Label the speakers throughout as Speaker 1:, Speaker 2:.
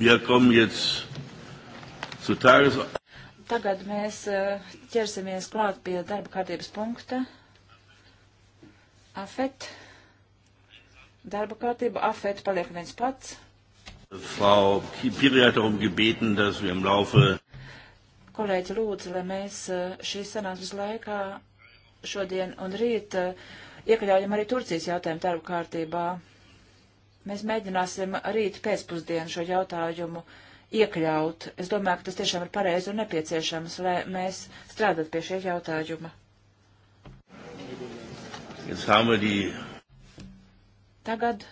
Speaker 1: Wir kommen jetzt zu Tages...
Speaker 2: Tagad mēs eh, ķersimies klāt pie darba kārtības punkta. Afet. Darba kārtība Afet paliek viens pats.
Speaker 1: Frau Piri hat darum gebeten, dass wir im Laufe.
Speaker 2: Kolēģi lūdzu, lai mēs eh, šīs sanāksmes laikā šodien un rīt eh, iekļaujam arī Turcijas jautājumu darba kārtībā. Mēs mēģināsim rīt pēcpusdienu šo jautājumu iekļaut. Es domāju, ka tas tiešām ir pareizi un nepieciešams, lai mēs strādātu pie šie jautājuma. Tagad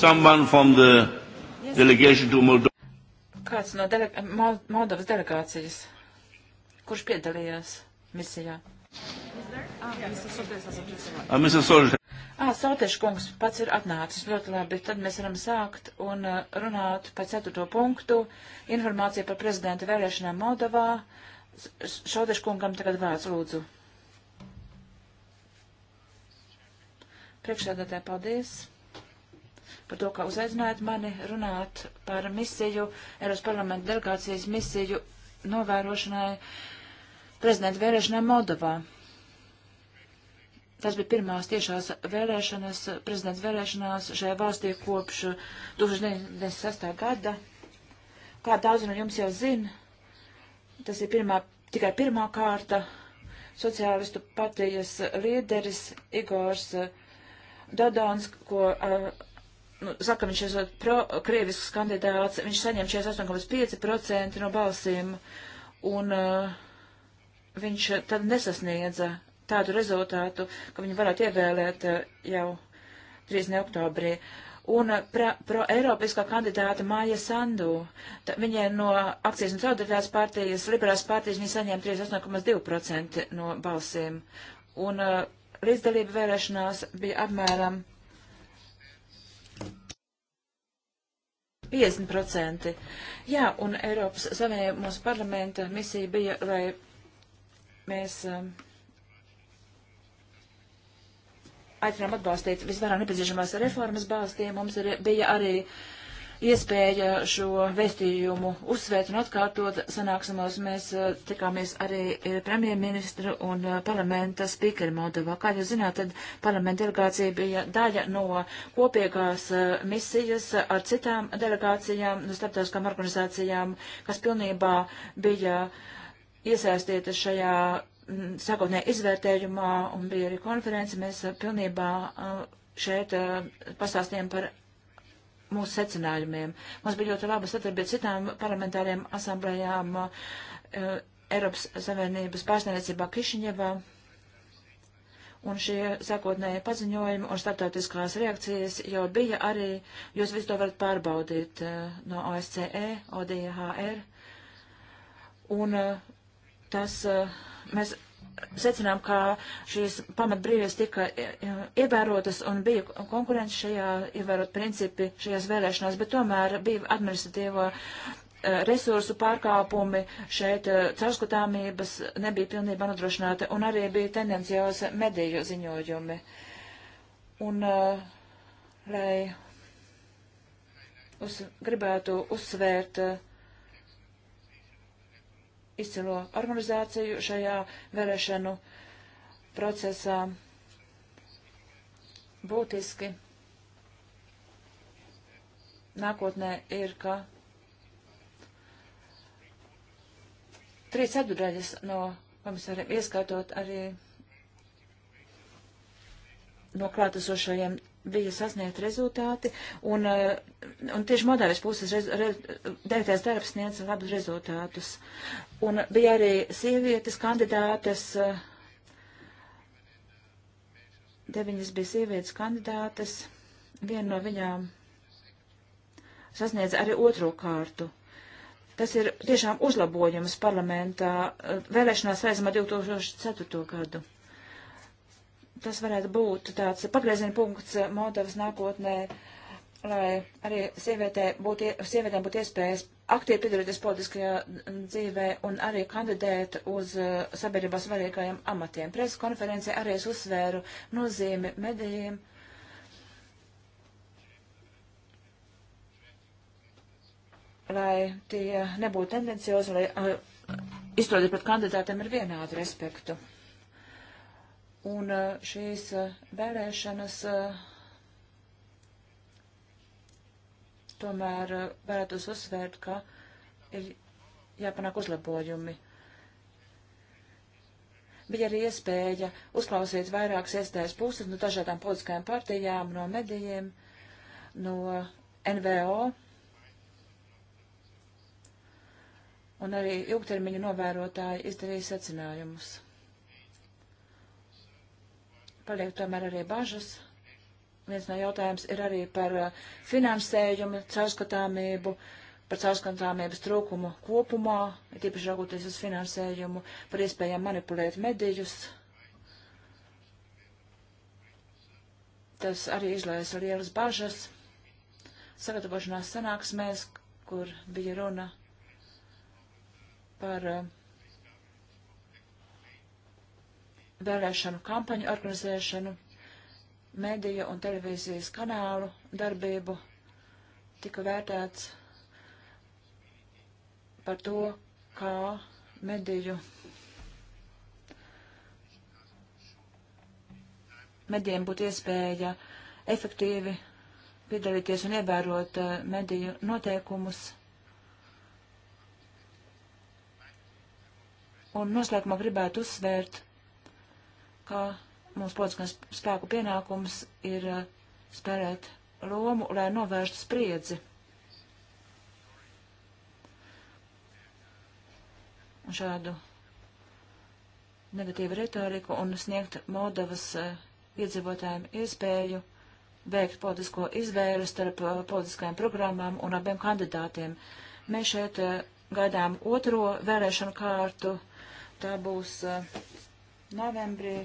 Speaker 1: Someone from the delegation to Moldova.
Speaker 2: Kāds no dele Moldovas delegācijas, kurš piedalījās misijā? Ā, ah, Sautiešu ah, kungs pats ir atnācis ļoti labi. Tad mēs varam sākt un eh, runāt par ceturto punktu. Informācija par prezidenta vēlēšanām Moldovā. Sautiešu kungam tagad vārds lūdzu. Priekšsēdētāji, paldies par to, ka uzaicinājāt mani runāt par misiju, Eiropas parlamenta delegācijas misiju novērošanai prezidenta vēlēšanai Moldovā. Tas bija pirmās tiešās vēlēšanas, prezidents vēlēšanās šajā valstī kopš 1996. gada. Kā daudz no jums jau zina, tas ir pirmā, tikai pirmā kārta sociālistu partijas līderis Igors Dodons, ko uh, nu, saka, viņš esot pro-krievisks kandidāts, viņš saņem 48,5% no balsīm, un uh, viņš tad nesasniedza tādu rezultātu, ka viņu varētu ievēlēt uh, jau 3. oktobrī. Un uh, pro-eiropiskā pro kandidāta Māja Sandu, tā, viņai no akcijas un caudrētās partijas, liberās partijas, viņa saņēma 38,2% no balsīm. Un uh, līdzdalība vēlēšanās bija apmēram 50%. Jā, un Eiropas Savienība mūsu parlamenta misija bija, lai mēs um, aicinām atbalstīt visvairāk nepieciešamās reformas balstiem. Mums ir, bija arī uh, iespēja šo vēstījumu uzsvērt un atkārtot. Sanāksmos mēs eh, tikāmies arī eh, premjerministru un eh, parlamenta spīkeru Moldovā. Kā jūs zināt, tad parlamenta delegācija bija daļa no kopīgās misijas ar citām delegācijām, no starptautiskām organizācijām, kas pilnībā bija iesaistīta šajā mm, sākotnē izvērtējumā un bija arī konference. Mēs pilnībā šeit pastāstījām par mūsu secinājumiem. Mums bija ļoti laba sadarbība citām parlamentāriem asamblējām uh, Eiropas Savienības pārstāvniecībā Kišiņevā. Un šie sākotnēji paziņojumi un starptautiskās reakcijas jau bija arī, jūs visu to varat pārbaudīt uh, no OSCE, ODHR. Un uh, tas mēs secinām, ka šīs pamatbrīvības tika e, e, ievērotas un bija konkurence šajā, ievērot principi šajās vēlēšanās, bet tomēr bija administratīvo e, resursu pārkāpumi, šeit caurskatāmības nebija pilnībā nodrošināta un arī bija tendenciāls mediju ziņojumi. Un, lai uz, gribētu uzsvērt uh, izcilo organizāciju šajā vēlēšanu procesā. Būtiski nākotnē ir, ka trīs ceturdaļas no komisāriem, ieskaitot arī no klātesošajiem bija sasniegt rezultāti, un, eh, un tieši modāļas puses rez, re, devītais darbs sniedz labus rezultātus. Un bija arī sievietes kandidātes, eh, deviņas bija sievietes kandidātes, viena no viņām sasniedz arī otro kārtu. Tas ir tiešām uzlabojums parlamentā eh, vēlēšanās saistībā 2004. gadu tas varētu būt tāds pagrieziena punkts Moldovas nākotnē, lai arī sievietē būtu, sievietēm būtu iespējas aktīvi piedalīties politiskajā dzīvē un arī kandidēt uz uh, sabiedrībā svarīgajiem amatiem. Preses konferencē arī es uzsvēru nozīmi medijiem. lai tie nebūtu tendenciozi, lai uh, izpildīt pret kandidātiem ar vienādu respektu. Un uh, šīs uh, vērēšanas uh, tomēr varētu uzsvērt, ka ir jāpanāk uzlabojumi. Bija arī iespēja uzklausīt vairākas iestājas puses no dažādām politiskajām partijām, no medijiem, no NVO. Un arī ilgtermiņa novērotāji izdarīja secinājumus paliek tomēr arī bažas. Viens no jautājums ir arī par uh, finansējumu, caurskatāmību, par caurskatāmības trūkumu kopumā, ir tīpaši raugoties uz finansējumu, par iespējām manipulēt medijus. Tas arī izlaisa lielas bažas. Sagatavošanās sanāksmēs, kur bija runa par uh, vēlēšanu kampaņu organizēšanu, mediju un televīzijas kanālu darbību tika vērtēts par to, kā mediju medijiem būtu iespēja efektīvi piedalīties un ievērot eh, mediju noteikumus. Un noslēgumā gribētu uzsvērt, ka mums politiskās spēku pienākums ir eh, spēlēt lomu, lai novērstu spriedzi. Un šādu negatīvu retoriku un sniegt Moldavas eh, iedzīvotājiem iespēju veikt politisko izvēli starp eh, politiskajām programmām un abiem kandidātiem. Mēs šeit gaidām otro vēlēšanu kārtu. Tā būs novembrī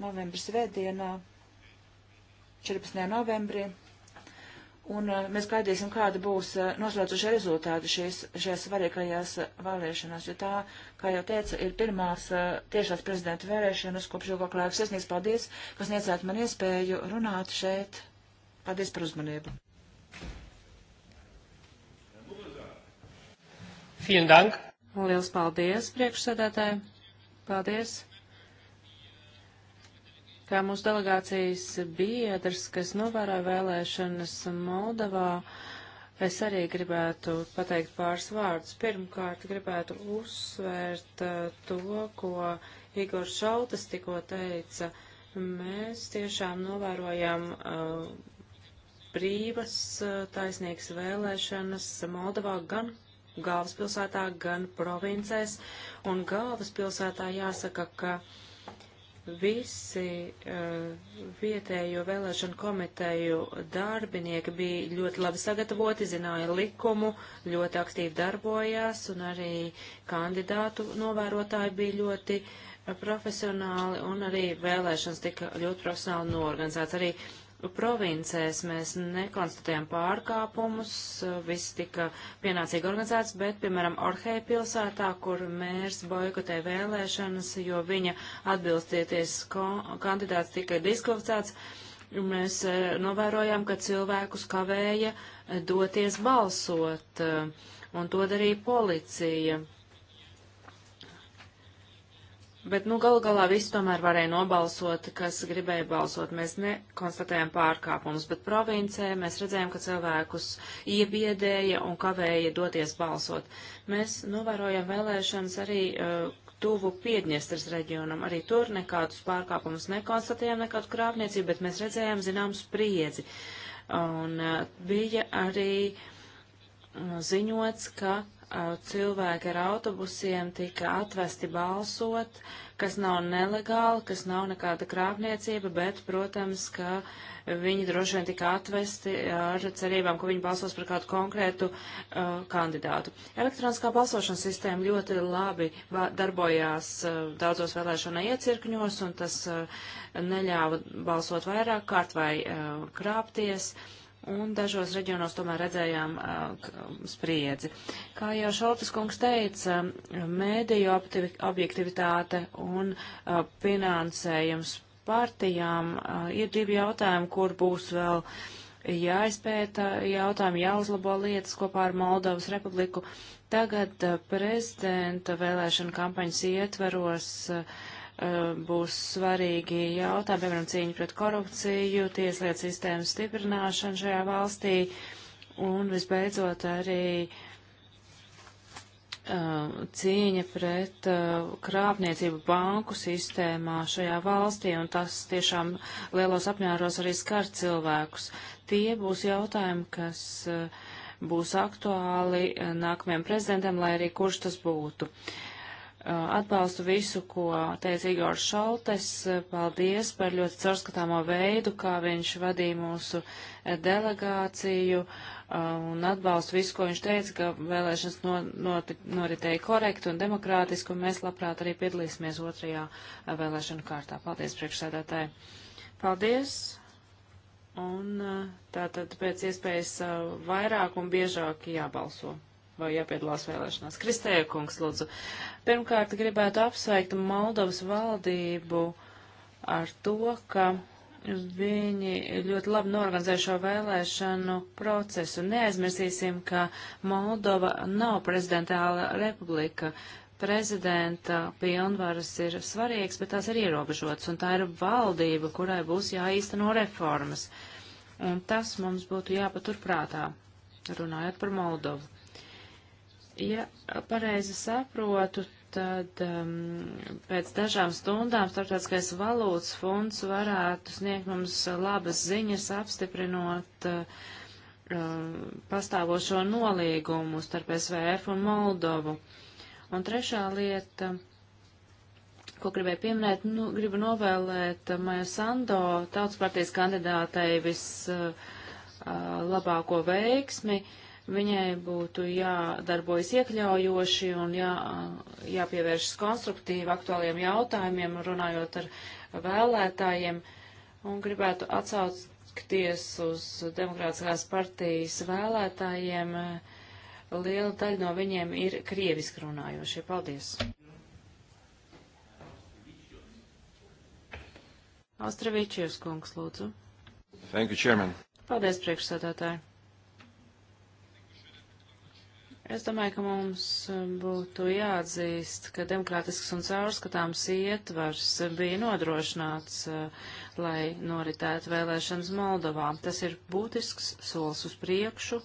Speaker 2: novembris vēdienā, 14. novembrī. Un eh, mēs gaidīsim, kāda būs eh, noslēdzošie rezultāti šīs, šajās svarīgajās eh, vēlēšanās, jo tā, kā jau teica, ir pirmās tiešās prezidenta vēlēšanas kopš ilgāk laiks. Es nieks paldies, kas niecāt man iespēju runāt šeit.
Speaker 3: Paldies par uzmanību. Vielen Dank. Liels paldies, priekšsēdētāji. Paldies kā mūsu delegācijas biedrs, kas novēroja vēlēšanas Moldavā, es arī gribētu pateikt pāris vārdus. Pirmkārt, gribētu uzsvērt uh, to, ko Igor Šaltas tikko teica. Mēs tiešām novērojam uh, brīvas, uh, taisnīgas vēlēšanas Moldavā gan galvaspilsētā, gan provincēs. Un galvaspilsētā jāsaka, ka uh, visi uh, vietējo vēlēšanu komiteju darbinieki bija ļoti labi sagatavoti, zināja likumu, ļoti aktīvi darbojās, un arī kandidātu novērotāji bija ļoti eh, profesionāli, un arī vēlēšanas tika ļoti profesionāli norganizēts. Arī provincēs mēs nekonstatējām pārkāpumus, eh, viss tika pienācīgi organizēts, bet, piemēram, Orhei pilsētā, kur mērs boikotē vēlēšanas, jo viņa atbilstieties kandidāts tika diskvalificēts, mēs eh, novērojām, ka cilvēkus kavēja eh, doties balsot, un to darīja policija. Bet, nu, gal galā visi tomēr varēja nobalsot, kas gribēja balsot. Mēs nekonstatējām pārkāpumus, bet provincē mēs redzējām, ka cilvēkus iebiedēja un kavēja doties balsot. Mēs novērojam vēlēšanas arī uh, tuvu Piedņestras reģionam. Arī tur nekādus pārkāpumus nekonstatējām, nekādu krāpniecību, bet mēs redzējām zinām spriedzi. Un uh, bija arī uh, ziņots, ka Uh, cilvēki ar autobusiem tika atvesti balsot, kas nav nelegāli, kas nav nekāda krāpniecība, bet, protams, ka viņi droši vien tika atvesti ar cerībām, ka viņi balsos par kādu konkrētu uh, kandidātu. Elektroniskā balsošanas sistēma ļoti labi darbojās uh, daudzos vēlēšana iecirkņos, un tas uh, neļāva balsot vairāk kārt vai uh, krāpties. Uh, un dažos reģionos tomēr redzējām spriedzi. Kā jau Šoltas kungs teica, mēdīju objektivitāte un finansējums partijām ir divi jautājumi, kur būs vēl jāizpēta jautājumi, jāuzlabo lietas kopā ar Moldovas republiku. Tagad prezidenta vēlēšana kampaņas ietveros uh, Eh, būs svarīgi jautājumi, piemēram, cīņa pret korupciju, tieslietu sistēmas stiprināšana šajā valstī un visbeidzot arī um, cīņa pret uh, krāpniecību banku sistēmā šajā valstī, un tas tiešām lielos apmēros arī skar cilvēkus. Tie būs jautājumi, kas uh, būs aktuāli nākamajam prezidentam, lai arī kurš tas būtu. Uh, Atbalstu visu, ko teica Igors Šaltes. Paldies par ļoti caurskatāmo veidu, kā viņš vadīja mūsu delegāciju un atbalstu visu, ko viņš teica, ka vēlēšanas no, noti, noritēja korekti un demokrātiski, un mēs labprāt arī piedalīsimies otrajā vēlēšanu kārtā. Paldies, priekšsēdētāji. Paldies! Un tātad pēc iespējas vairāk un biežāk jābalso vai jāpiedalās vēlēšanās. Kristēja kungs, lūdzu. Pirmkārt, gribētu apsveikt Moldovas valdību ar to, ka viņi ļoti labi norganizē šo vēlēšanu procesu. Neaizmirsīsim, ka Moldova nav prezidentāla republika. Prezidenta pilnvaras ir svarīgs, bet tās ir ierobežotas, un tā ir valdība, kurai būs jāīsteno reformas. Un tas mums būtu jāpaturprātā, runājot par Moldovu. Ja pareizi saprotu, tad um, pēc dažām stundām starptautiskais valūtas fonds varētu sniegt mums labas ziņas, apstiprinot uh, um, pastāvošo nolīgumu starp SVF un Moldovu. Un trešā lieta, ko gribēju pieminēt, nu, gribu novēlēt Maja Sando, tautas partijas kandidātei vislabāko uh, uh veiksmi. Uh, Viņai būtu jādarbojas iekļaujoši un jā, jāpievēršas konstruktīvi aktuāliem jautājumiem, runājot ar vēlētājiem. Un gribētu atsaukties uz Demokrātiskās partijas vēlētājiem. Liela daļa no viņiem ir krieviski runājošie. Paldies! Austravičijos kungs, lūdzu. Thank you, Chairman. Paldies, priekšsādātāji. Es domāju, ka mums eh, būtu jāatzīst, ka demokrātisks un caurskatāms ietvars bija nodrošināts, eh, lai noritētu vēlēšanas Moldovā. Tas ir būtisks solis uz priekšu,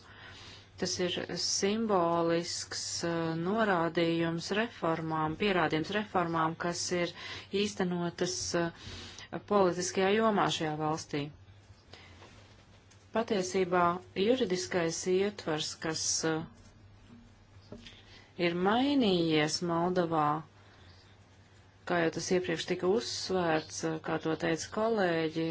Speaker 3: tas ir simbolisks eh, norādījums reformām, pierādījums reformām, kas ir īstenotas politiskajā jomā šajā valstī. Patiesībā juridiskais ietvars, kas ir mainījies Moldovā, kā jau tas iepriekš tika uzsvērts, kā to teica kolēģi,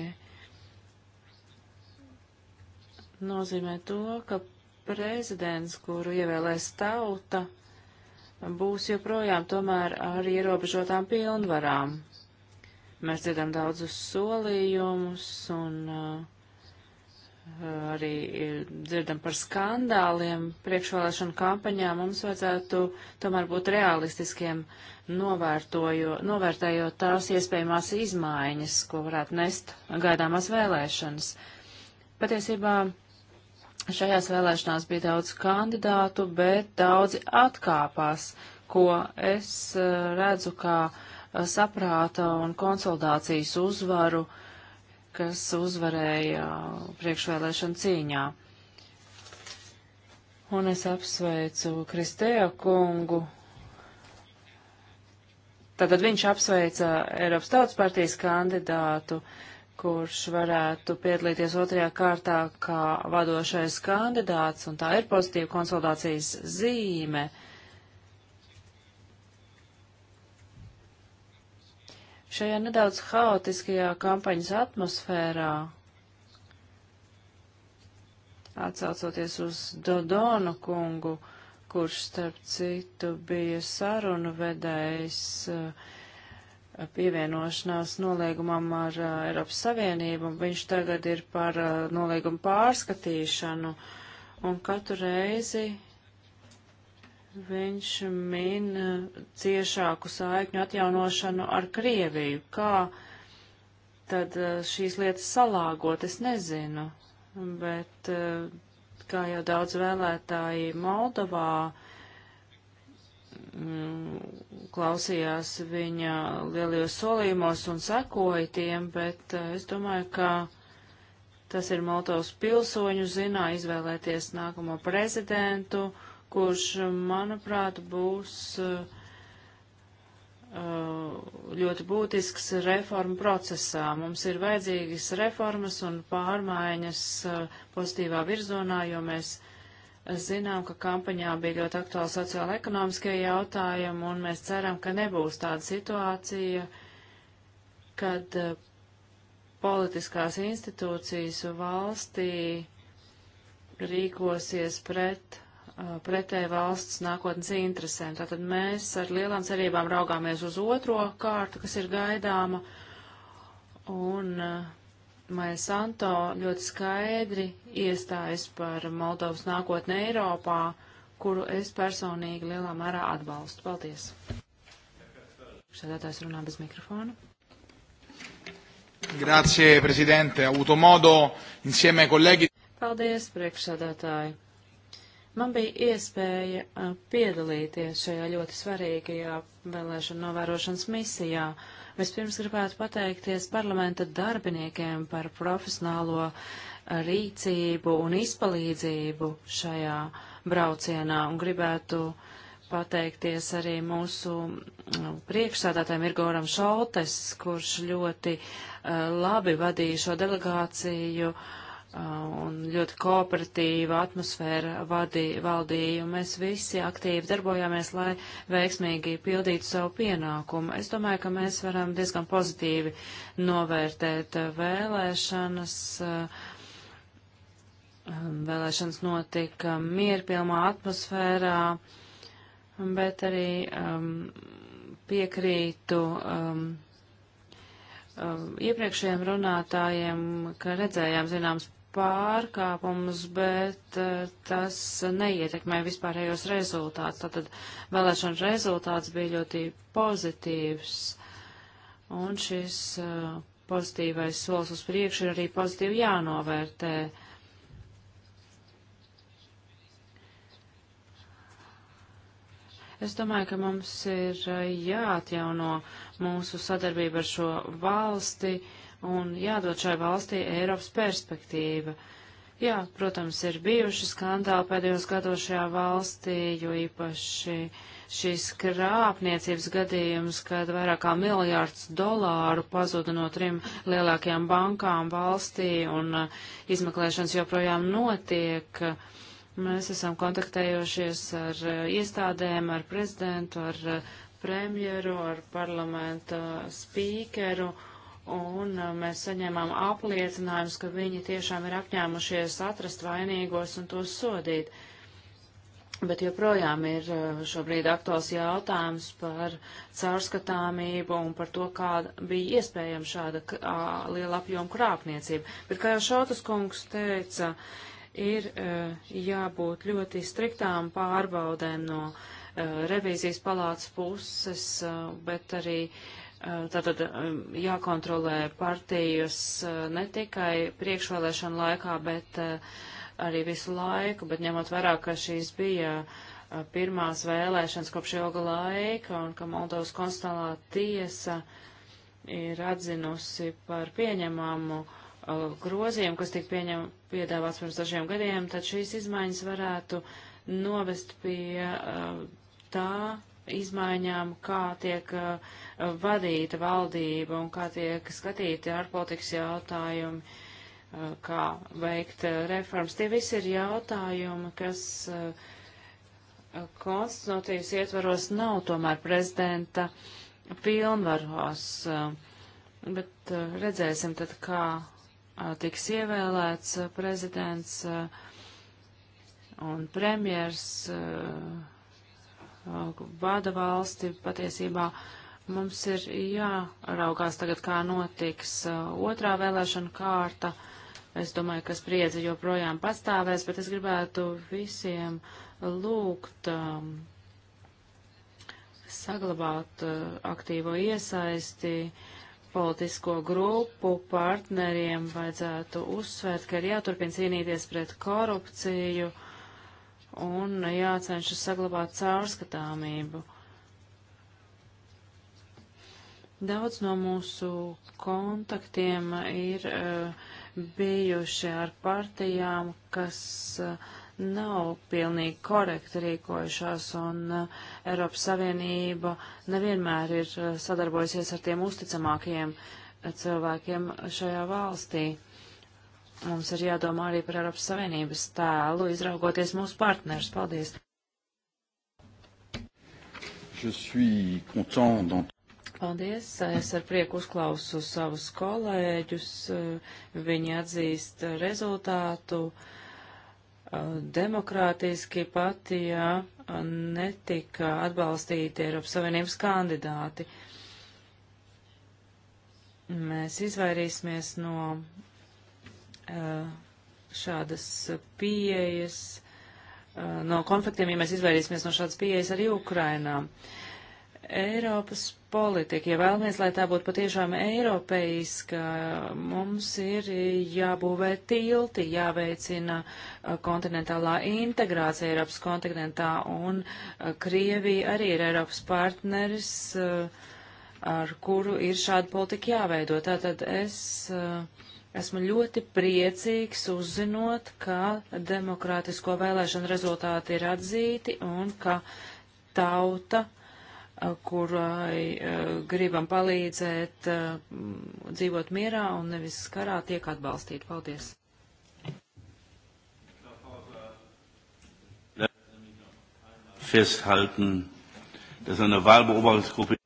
Speaker 3: nozīmē to, ka prezidents, kuru ievēlēs tauta, būs joprojām tomēr ar ierobežotām pilnvarām. Mēs dzirdam daudzus solījumus un uh, arī dzirdam par skandāliem priekšvēlēšanu kampaņā, mums vajadzētu tomēr būt realistiskiem, novērtējot tās iespējamās izmaiņas, ko varētu nest gaidāmās vēlēšanas. Patiesībā šajās vēlēšanās bija daudz kandidātu, bet daudzi atkāpās, ko es eh, redzu kā eh, saprāta un konsolidācijas uzvaru uh, kas uzvarēja priekšvēlēšana cīņā. Un es apsveicu Kristēja kungu. Tātad viņš apsveica Eiropas Tautas partijas kandidātu, kurš varētu piedalīties otrajā kārtā kā vadošais kandidāts, un tā ir pozitīva konsultācijas zīme. Uh, Šajā nedaudz haotiskajā kampaņas atmosfērā, atsaucoties uz Dodonu kungu, kurš starp citu bija sarunu vedējs uh, pievienošanās noliegumam ar uh, Eiropas Savienību, un viņš tagad ir par uh, noliegumu pārskatīšanu, un katru reizi Viņš min uh, ciešāku saikņu atjaunošanu ar Krieviju. Kā tad uh, šīs lietas salāgot, es nezinu, bet uh, kā jau daudz vēlētāji Moldovā mm, klausījās viņa lielajos solījumos un sekoja tiem, bet es domāju, ka tas ir Moldovas pilsoņu zinā izvēlēties nākamo prezidentu kurš, manuprāt, būs uh, ļoti būtisks reformu procesā. Mums ir vajadzīgas reformas un pārmaiņas uh, pozitīvā virzonā, jo mēs zinām, ka kampaņā bija ļoti aktuāli sociāla-ekonomiskie jautājumi, un mēs ceram, ka nebūs tāda situācija, kad uh, politiskās institūcijas valstī rīkosies pret Uh, pretēji valsts nākotnes interesēm. Tātad mēs ar lielām cerībām raugāmies uz otro kārtu, kas ir gaidāma, un uh, Maija Santo ļoti skaidri iestājas par Moldovas nākotni Eiropā, kuru es personīgi lielā mērā atbalstu. Paldies! Sēdētājs runā bez mikrofona. Grazie, Presidente. Ha avuto modo insieme ai colleghi. Paldies, priekšsēdētāji. Man bija iespēja uh, piedalīties šajā ļoti svarīgajā vēlēšana novērošanas misijā. Vispirms gribētu pateikties parlamenta darbiniekiem par profesionālo rīcību un izpalīdzību šajā braucienā un gribētu pateikties arī mūsu priekšsādātājiem Irgoram Šoltes, kurš ļoti uh, labi vadīja šo delegāciju uh, Uh, un ļoti kooperatīva atmosfēra vadī, valdīja, un mēs visi aktīvi darbojāmies, lai veiksmīgi pildītu savu pienākumu. Es domāju, ka mēs varam diezgan pozitīvi novērtēt uh, vēlēšanas. Uh, um, vēlēšanas notika mierpilnā atmosfērā, bet arī um, piekrītu. Um, Iepriekšējiem runātājiem, ka redzējām zināms pārkāpumus, bet uh, tas neietekmē vispārējos rezultātus. Tātad vēlēšana rezultāts bija ļoti pozitīvs, un šis uh, pozitīvais solis uz priekšu ir arī pozitīvi jānovērtē. Es domāju, ka mums ir eh, jāatjauno mūsu sadarbība ar šo valsti. Uh, un jādod šai valstī Eiropas perspektīva. Jā, protams, ir bijuši skandāli pēdējos gados šajā valstī, jo īpaši šīs krāpniecības gadījums, kad vairāk kā miljārds dolāru pazuda no trim lielākajām bankām valstī un uh, izmeklēšanas joprojām notiek. Mēs esam kontaktējušies ar uh, iestādēm, ar prezidentu, ar uh, premjeru, ar parlamenta spīkeru un uh, mēs saņēmām apliecinājumus, ka viņi tiešām ir apņēmušies atrast vainīgos un tos sodīt. Bet joprojām ir uh, šobrīd aktuāls jautājums par caurskatāmību un par to, kāda bija iespējama šāda liela apjoma krāpniecība. Bet, kā jau Šautas kungs teica, ir uh, jābūt ļoti striktām pārbaudēm no revīzijas palātas puses, bet arī uh, Tātad jākontrolē partijas ne tikai priekšvēlēšana laikā, bet arī visu laiku, bet ņemot vērā, ka šīs bija pirmās vēlēšanas kopš ilga laika un ka Moldovas konstitucionālā tiesa ir atzinusi par pieņemamu grozījumu, kas tika pieņem, piedāvāts pirms dažiem gadiem, tad šīs izmaiņas varētu novest pie tā, izmaiņām, kā tiek uh, vadīta valdība un kā tiek skatīti ārpolitikas jautājumi, uh, kā veikt uh, reformas. Tie visi ir jautājumi, kas uh, konstitutīvas ietvaros nav tomēr prezidenta pilnvaros, uh, bet uh, redzēsim tad, kā tiks ievēlēts prezidents un premjers. Uh, Uh, vada valsti, patiesībā mums ir jāraugās tagad, kā notiks uh, otrā vēlēšana kārta. Es domāju, ka spriedze joprojām pastāvēs, bet es gribētu visiem lūgt um, saglabāt uh, aktīvo iesaisti politisko grupu partneriem vajadzētu uzsvērt, ka ir jāturpina cīnīties pret korupciju. Uh, un jācenšas saglabāt caurskatāmību. Daudz no mūsu kontaktiem ir uh, bijuši ar partijām, kas uh, nav pilnīgi korekti rīkojušās, un uh, Eiropas Savienība nevienmēr ir sadarbojusies ar tiem uzticamākajiem cilvēkiem šajā valstī. Mums ir jādomā arī par Eiropas Savienības tēlu, izraugoties mūsu partnerus. Paldies! Paldies! Es ar prieku uzklausu savus kolēģus. Viņi atzīst rezultātu demokrātiski pati, ja netika atbalstīti Eiropas Savienības kandidāti. Mēs izvairīsimies no Uh, šādas pieejas, uh, no konfliktiem, ja mēs izvairīsimies no šādas pieejas arī Ukrainā. Eiropas politika, ja vēlamies, lai tā būtu patiešām eiropeiska, mums ir jābūvē tilti, jāveicina uh, kontinentālā integrācija Eiropas kontinentā, un Krievija arī ir Eiropas partneris, ar kuru ir šāda politika jāveido. Tātad es uh, Esmu ļoti priecīgs uzzinot, ka demokrātisko vēlēšanu rezultāti ir atzīti un ka tauta, eh, kurai eh, gribam palīdzēt eh, dzīvot mierā un nevis karā, tiek atbalstīta. Paldies!
Speaker 1: Festhalten, dass eine Wahlbeobachtungsgruppe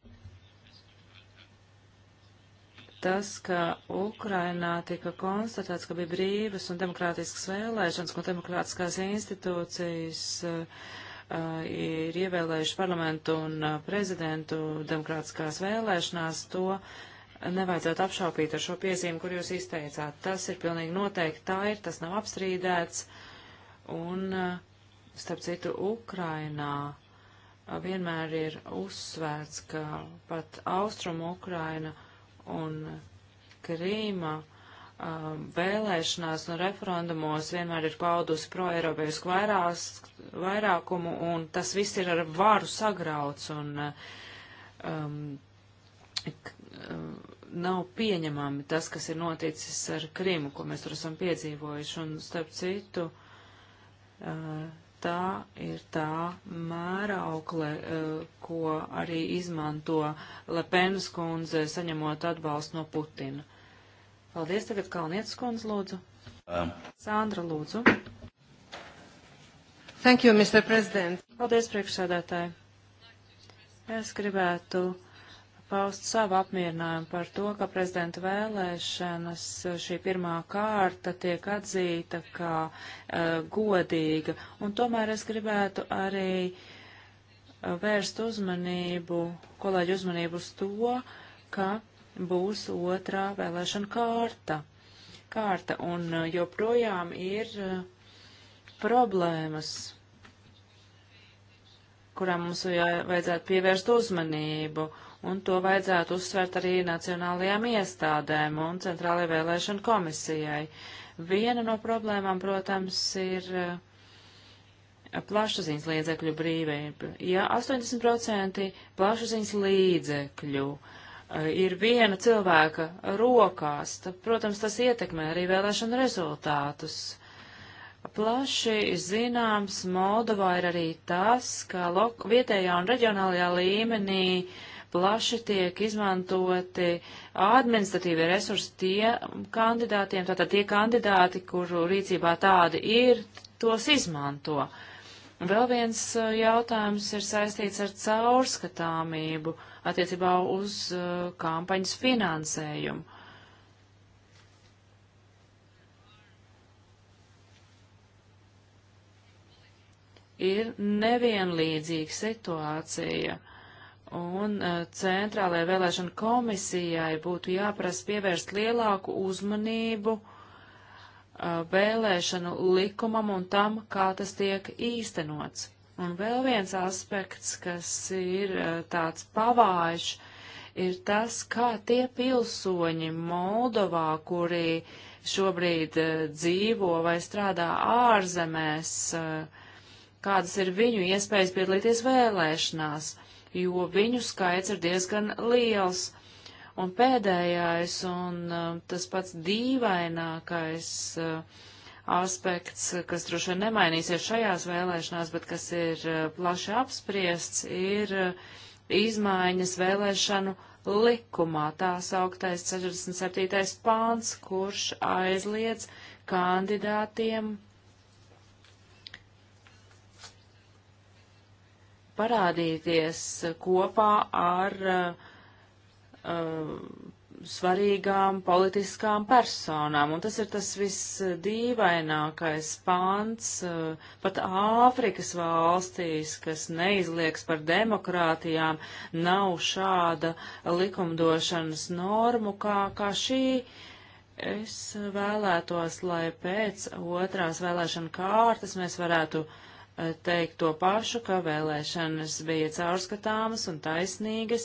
Speaker 3: tas, ka Ukrainā tika konstatēts, ka bija brīvas un demokrātiskas vēlēšanas, un demokrātiskās institūcijas uh, uh ir ievēlējuši parlamentu un uh, prezidentu demokrātiskās vēlēšanās, to nevajadzētu apšaupīt ar šo piezīmi, kur jūs izteicāt. Tas ir pilnīgi noteikti tā ir, tas nav apstrīdēts. Un, uh, starp citu, Ukrainā uh, vienmēr ir uzsvērts, ka pat Austrum Ukraina uh, un Krīma um, vēlēšanās un referendumos vienmēr ir paudusi proeiropeisku vairākumu, un tas viss ir ar varu sagrauts, un um, um, nav pieņemami tas, kas ir noticis ar Krīmu, ko mēs tur esam piedzīvojuši, un starp citu. Uh, tā ir tā mēraukle, eh, ko arī izmanto Lepenas kundze, saņemot atbalstu no Putina. Paldies tagad Kalnietes kundze, lūdzu. Um. Sandra, lūdzu. Thank you, Mr. President. Paldies, priekšsēdētāji. Es gribētu paust savu apmierinājumu par to, ka prezidenta vēlēšanas eh, šī pirmā kārta tiek atzīta kā uh, godīga. Un tomēr es gribētu arī eh, vērst uzmanību, kolēģi uzmanību uz to, ka būs otrā vēlēšana kārta. kārta un joprojām ir problēmas kurām mums vajadzētu pievērst uzmanību. Uh, un to vajadzētu uzsvērt arī nacionālajām iestādēm un centrālajai vēlēšana komisijai. Viena no problēmām, protams, ir eh, plašsaziņas līdzekļu brīvība. Ja 80% plašsaziņas līdzekļu eh, ir viena cilvēka rokās, tad, protams, tas ietekmē arī vēlēšanu rezultātus. Plaši zināms Moldovā ir arī tas, ka vietējā un reģionālajā līmenī uh, plaši tiek izmantoti administratīvie resursi tie kandidātiem, tātad tie kandidāti, kuru rīcībā tādi ir, tos izmanto. Vēl viens uh, jautājums ir saistīts ar caurskatāmību attiecībā uz uh, kampaņas finansējumu. Ir nevienlīdzīga situācija. Uh, Un eh, centrālajai vēlēšana komisijai būtu jāprasa pievērst lielāku uzmanību eh, vēlēšanu likumam un tam, kā tas tiek īstenots. Un vēl viens aspekts, kas ir eh, tāds pavājš, ir tas, kā tie pilsoņi Moldovā, kuri šobrīd dzīvo vai strādā ārzemēs, kādas ir viņu iespējas piedalīties vēlēšanās jo viņu skaits ir diezgan liels. Un pēdējais un um, tas pats dīvainākais uh, aspekts, kas droši vien nemainīsies šajās vēlēšanās, bet kas ir uh, plaši apspriests, ir uh, izmaiņas vēlēšanu likumā, tā sauktais 47. pāns, kurš aizliedz kandidātiem parādīties kopā ar uh, svarīgām politiskām personām. Un tas ir tas visdīvainākais pants uh, pat Āfrikas valstīs, kas neizlieks par demokrātijām, nav šāda likumdošanas normu kā, kā šī. Es vēlētos, lai pēc otrās vēlēšana kārtas mēs varētu uh, teikt to pašu, ka vēlēšanas bija caurskatāmas un taisnīgas,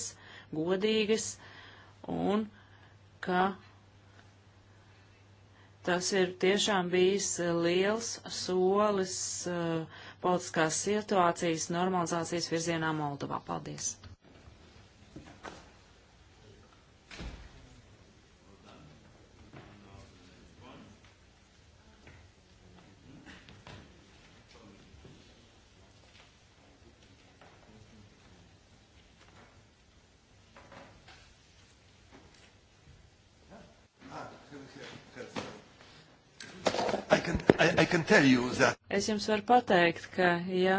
Speaker 3: godīgas, un ka tas ir tiešām bijis liels solis uh, politiskās situācijas normalizācijas virzienā Moldovā. Paldies!
Speaker 4: Es
Speaker 3: jums varu pateikt, ka, ja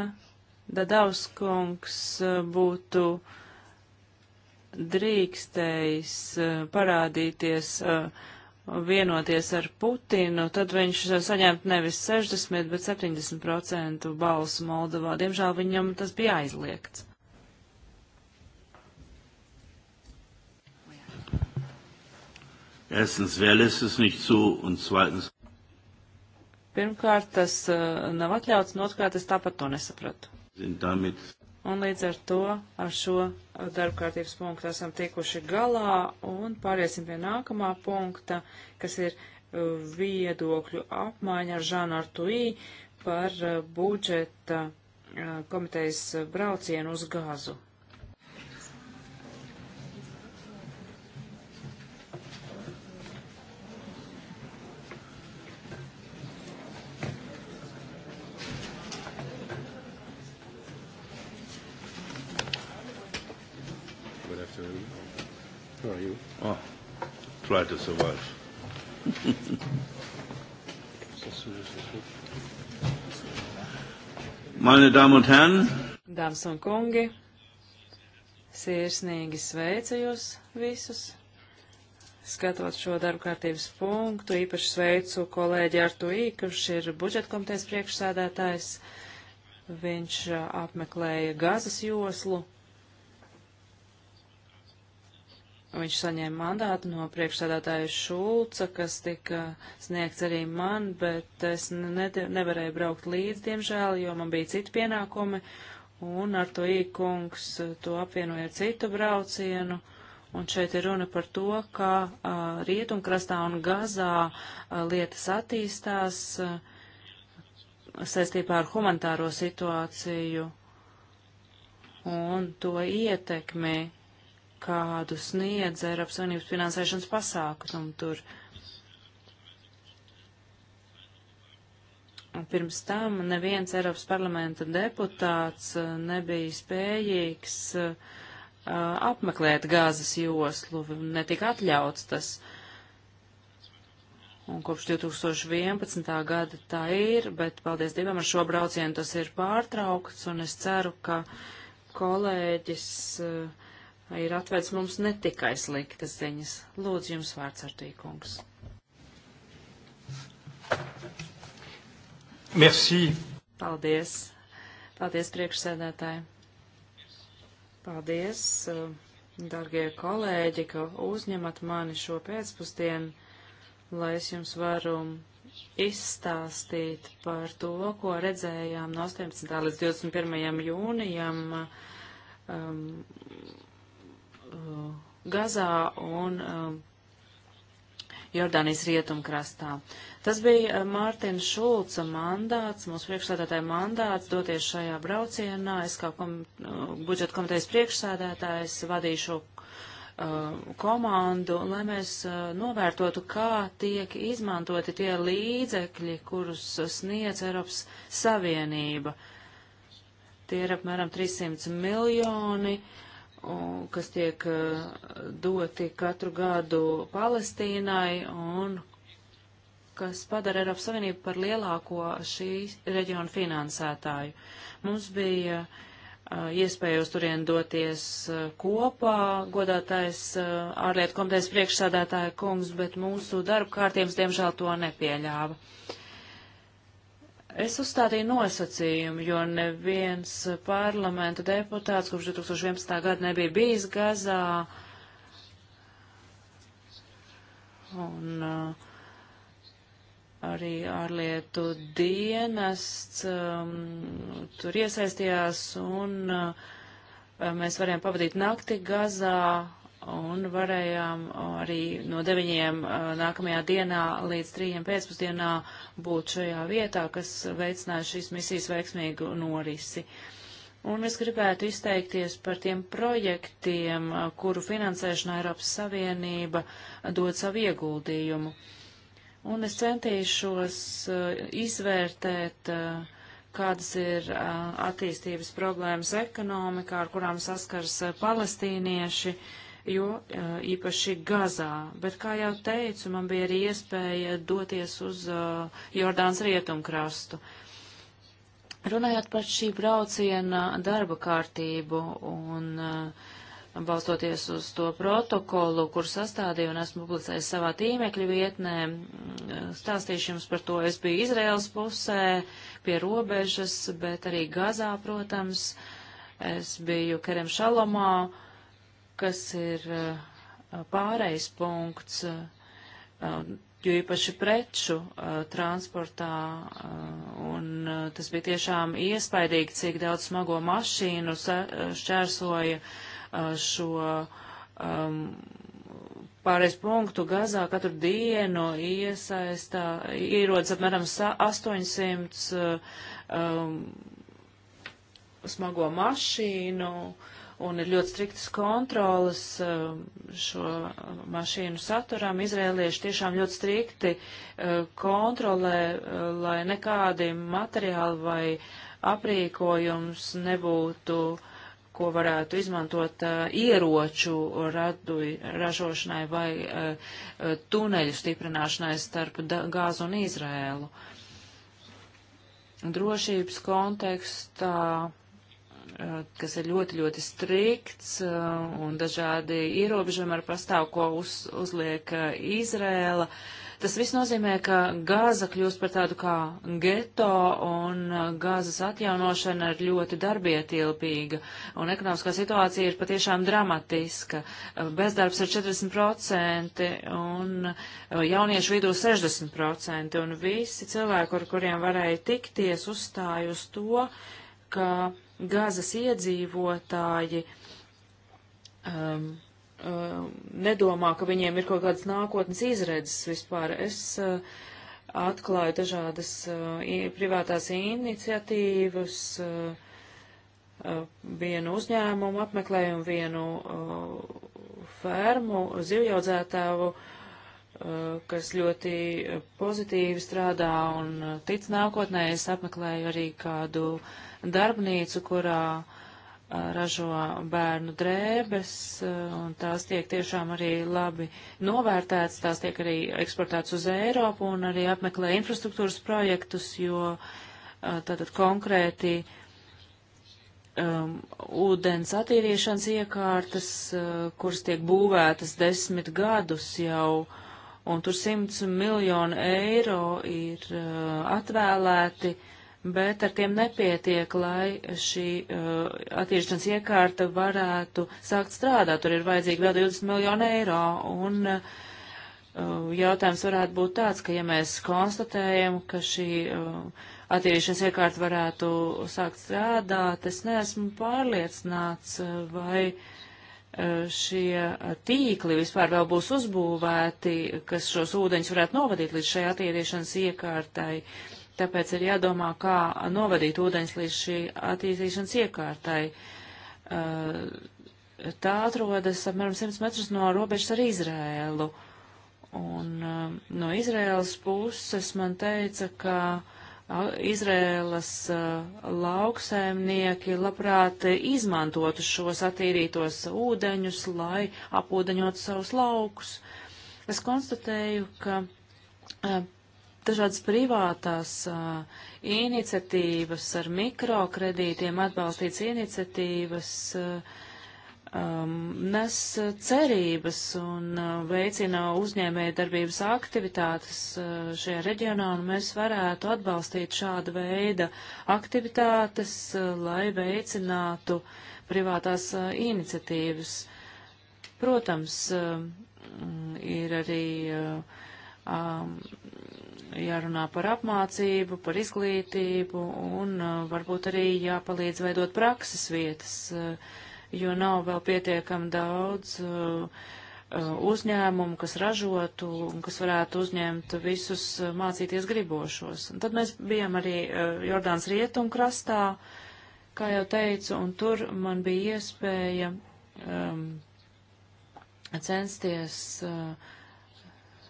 Speaker 3: Dadaus kungs eh, būtu drīkstējis eh, parādīties, eh, vienoties ar Putinu, tad viņš saņemtu nevis 60, bet 70% balsu Moldovā. Diemžēl viņam tas bija aizliegts.
Speaker 1: Erstens, wer lässt es nicht zu? Und zweitens.
Speaker 3: Pirmkārt, tas uh, nav atļauts, un otrkārt, es tāpat to nesapratu. Un līdz ar to ar šo darbkārtības punktu esam tikuši galā un pāriesim pie nākamā punkta, kas ir uh, viedokļu apmaiņa ar Žānu Artuī par uh, budžeta uh, komitejas uh, braucienu uz gāzu.
Speaker 1: try to survive. Meine Damen und Herren,
Speaker 3: Dāmas un kungi, sirsnīgi sveicu jūs visus. Skatot šo darbu kārtības punktu, īpaši sveicu kolēģi Artu Ī, kurš ir budžetkomitejas priekšsēdētājs. Viņš uh, apmeklēja gazas joslu Viņš saņēma mandātu no priekšsēdētāja Šulca, kas tika sniegts arī man, bet es ne, nevarēju braukt līdzi, diemžēl, jo man bija citi pienākumi, un ar to īkungs eh, to apvienoja ar citu braucienu. Un šeit ir runa par to, kā eh, rietumkrastā un gazā a, eh, lietas attīstās a, saistībā ar humanitāro situāciju un to ietekmi kādu sniedz Eiropas Savienības finansēšanas pasākumu tur. Un pirms tam neviens Eiropas parlamenta deputāts eh, nebija spējīgs uh, apmeklēt gāzes joslu, netika atļauts tas. Un kopš 2011. gada tā ir, bet paldies Dievam ar šo braucienu tas ir pārtraukts, un es ceru, ka kolēģis uh, ir atvedis mums ne tikai sliktas ziņas. Lūdzu, jums vārds ar tīkungs. Merci. Paldies. Paldies, priekšsēdētāji. Paldies, eh, dargie kolēģi, ka uzņemat mani šo pēcpusdienu, lai es jums varu izstāstīt par to, ko redzējām no 18. līdz 21. jūnijam um, uh, Gazā un uh, Jordānijas rietumkrastā. Tas bija uh, Mārtiņa Šulca mandāts, mūsu priekšsādātāja mandāts doties šajā braucienā. Es kā kom, uh, budžeta komitejas priekšsādātājs vadīju šo uh, komandu, lai mēs uh, novērtotu, kā tiek izmantoti tie līdzekļi, kurus sniedz Eiropas Savienība. Tie ir apmēram 300 miljoni uh, kas tiek eh, doti katru gadu Palestīnai un kas padara Eiropas Savienību par lielāko šī reģiona finansētāju. Mums bija eh, iespēja uz turien doties eh, kopā, godātais ārlietu komitejas priekšsādātāja kungs, bet mūsu darba kārtības diemžēl to nepieļāva. Uh, Es uzstādīju nosacījumu, jo neviens parlamenta deputāts, kurš 2011. gadu nebija bijis Gazā, un uh, arī ārlietu dienests um, tur iesaistījās, un uh, mēs varējām pavadīt nakti Gazā, un varējām arī no deviņiem nākamajā dienā līdz trījiem pēcpusdienā būt šajā vietā, kas veicināja šīs misijas veiksmīgu norisi. Un es gribētu izteikties par tiem projektiem, kuru finansēšanā Eiropas Savienība dod savu ieguldījumu. Un es centīšos izvērtēt uh, kādas ir a, attīstības problēmas ekonomikā, ar kurām saskars a, palestīnieši, jo īpaši Gazā. Bet, kā jau teicu, man bija arī iespēja doties uz uh, Jordāns rietumkrastu. Runājot par šī brauciena darba kārtību un uh, balstoties uz to protokolu, kur sastādīju un esmu publicējis savā tīmekļa vietnē, stāstīšu jums par to. Es biju Izraels pusē, pie robežas, bet arī Gazā, protams. Es biju Kerem Šalomā, uh, kas ir uh, pārejas punkts, uh, jo īpaši preču uh, transportā, un tas bija tiešām iespaidīgi, cik daudz smago mašīnu šķērsoja šo um, pārējais punktu Gazā katru dienu iesaistā, ierodas apmēram 800 um, smago mašīnu. Uh, un ir ļoti striktas kontrolas eh, šo mašīnu saturam. Izrēlieši tiešām ļoti strikti eh, kontrolē, eh, lai nekādi materiāli vai aprīkojums nebūtu ko varētu izmantot uh, ieroču radu, ražošanai vai uh, tuneļu stiprināšanai starp gāzu un Izrēlu. Drošības kontekstā uh, kas ir ļoti, ļoti strikts uh, un dažādi ierobežojumi ar pastāv, ko uz, uzliek uh, Izrēla. Tas viss nozīmē, ka Gāza kļūst par tādu kā geto un uh, Gāzas atjaunošana ir ļoti darbietilpīga un ekonomiskā situācija ir patiešām dramatiska. Bezdarbs ir 40% un jauniešu vidū 60% un visi cilvēki, ar kuriem varēja tikties, uzstāj uz to, ka gazas iedzīvotāji um, um, nedomā, ka viņiem ir kaut kādas nākotnes izredzes vispār. Es uh, atklāju dažādas uh, privātās iniciatīvas, uh, uh, vienu uzņēmumu apmeklēju un vienu uh, fermu, zivjaudzētāvu, uh, kas ļoti pozitīvi strādā un uh, tic nākotnē. Es apmeklēju arī kādu uh, darbnīcu, kurā ražo bērnu drēbes, un tās tiek tiešām arī labi novērtētas, tās tiek arī eksportētas uz Eiropu un arī apmeklē infrastruktūras projektus, jo tātad konkrēti um, ūdens attīrīšanas iekārtas, uh, kuras tiek būvētas desmit gadus jau, un tur simts miljonu eiro ir uh, atvēlēti bet ar tiem nepietiek, lai šī uh, attīrīšanas iekārta varētu sākt strādāt. Tur ir vajadzīgi vēl 20 miljonu eiro. Un, uh, Jautājums varētu būt tāds, ka ja mēs konstatējam, ka šī uh, attīrīšanas iekārta varētu sākt strādāt, es neesmu pārliecināts, uh, vai uh, šie tīkli vispār vēl būs uzbūvēti, kas šos ūdeņus varētu novadīt līdz šai attīrīšanas iekārtai. Uh, Tāpēc ir jādomā, kā novadīt ūdeņus līdz šī attīstīšanas iekārtai. Uh, tā atrodas apmēram 100 metrus no robežas ar Izrēlu. Un uh, no Izrēlas puses man teica, ka uh, Izrēlas lauksēmnieki labprāt izmantotu šos attīrītos ūdeņus, lai apūdeņotu savus laukus. Es konstatēju, ka dažādas privātās uh, iniciatīvas ar mikrokredītiem atbalstīts iniciatīvas uh, um, nes cerības un uh, veicina uzņēmēja darbības aktivitātes uh, šajā reģionā, un mēs varētu atbalstīt šāda veida aktivitātes, uh, lai veicinātu privātās uh, iniciatīvas. Protams, uh, ir arī uh, um, jārunā par apmācību, par izglītību un uh, varbūt arī jāpalīdz veidot prakses vietas, uh, jo nav vēl pietiekami daudz uh, uzņēmumu, kas ražotu un kas varētu uzņemt visus mācīties gribošos. Un tad mēs bijām arī Jordāns rietumkrastā, kā jau teicu, un tur man bija iespēja um, censties uh,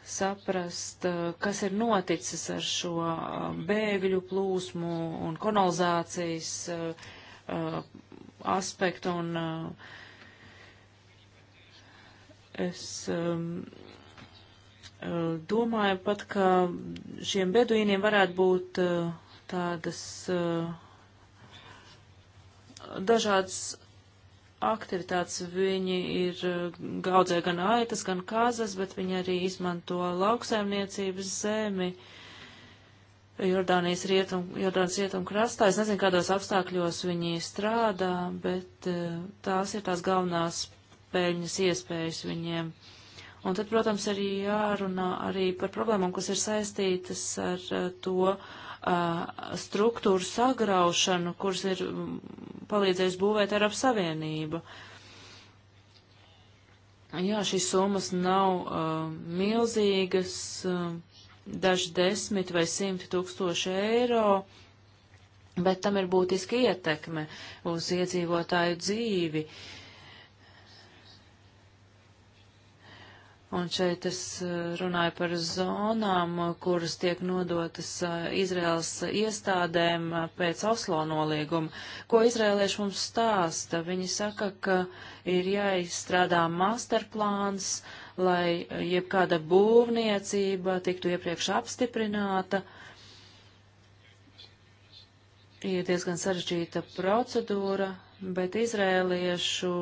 Speaker 3: saprast, eh, kas ir noticis ar šo eh, bēgļu plūsmu un kolonizācijas uh, aspektu. Un, uh, es um, domāju pat, ka šiem beduīniem varētu būt uh, tādas dažādas aktivitātes. Viņi ir eh, gaudzē gan aitas, gan kāzas, bet viņi arī izmanto lauksaimniecības zemi. Jordānijas rietum, Jordānas rietum krastā. Es nezinu, kādos apstākļos viņi strādā, bet eh, tās ir tās galvenās peļņas iespējas viņiem. Un tad, protams, arī jārunā arī par problēmām, kas ir saistītas ar eh, to, uh, struktūru sagraušanu, kuras ir mm, palīdzējis būvēt Eiropas Savienību. Jā, šīs summas nav uh, milzīgas, uh, daži desmit vai simti tūkstoši eiro, bet tam ir būtiska ietekme uz iedzīvotāju dzīvi. Uh, Un šeit es eh, runāju par zonām, kuras tiek nodotas eh, Izraels iestādēm eh, pēc Oslo nolieguma. Ko izrēlieši mums stāsta? Viņi saka, ka ir jāizstrādā masterplāns, lai jebkāda būvniecība tiktu iepriekš apstiprināta. Ir diezgan sarežģīta procedūra, bet izrēliešu.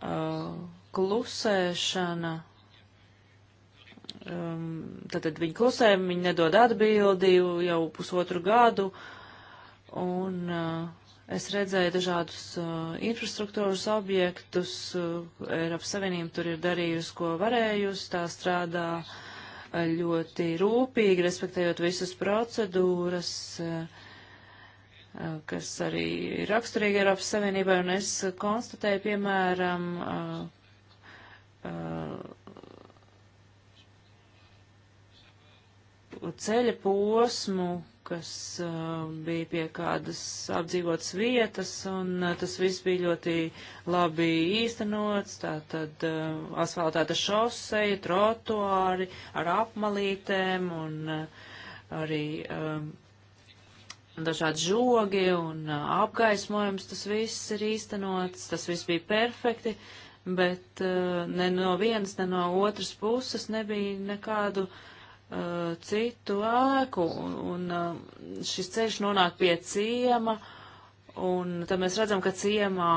Speaker 3: Uh, klusēšana, um, tad viņi klusē, viņi nedod atbildi jau pusotru gadu, un uh, es redzēju dažādus uh, infrastruktūras objektus, uh, Eiropas Savienība tur ir darījusi, ko varējusi, tā strādā uh, ļoti rūpīgi, respektējot visas procedūras, uh, uh kas arī ir raksturīgi Eiropas Savienībai, un es konstatēju, piemēram, uh, Uh, ceļa posmu, kas uh, bija pie kādas apdzīvotas vietas, un uh, tas viss bija ļoti labi īstenots, tātad asfaltēta šoseja, trotuāri ar apmalītēm un arī um, dažādi žogi un apgaismojums, tas viss ir īstenots, tas viss bija perfekti, bet uh, ne no vienas, ne no otras puses nebija nekādu uh, citu ēku, un, un uh, šis ceļš nonāk pie ciema, un tad mēs redzam, ka ciemā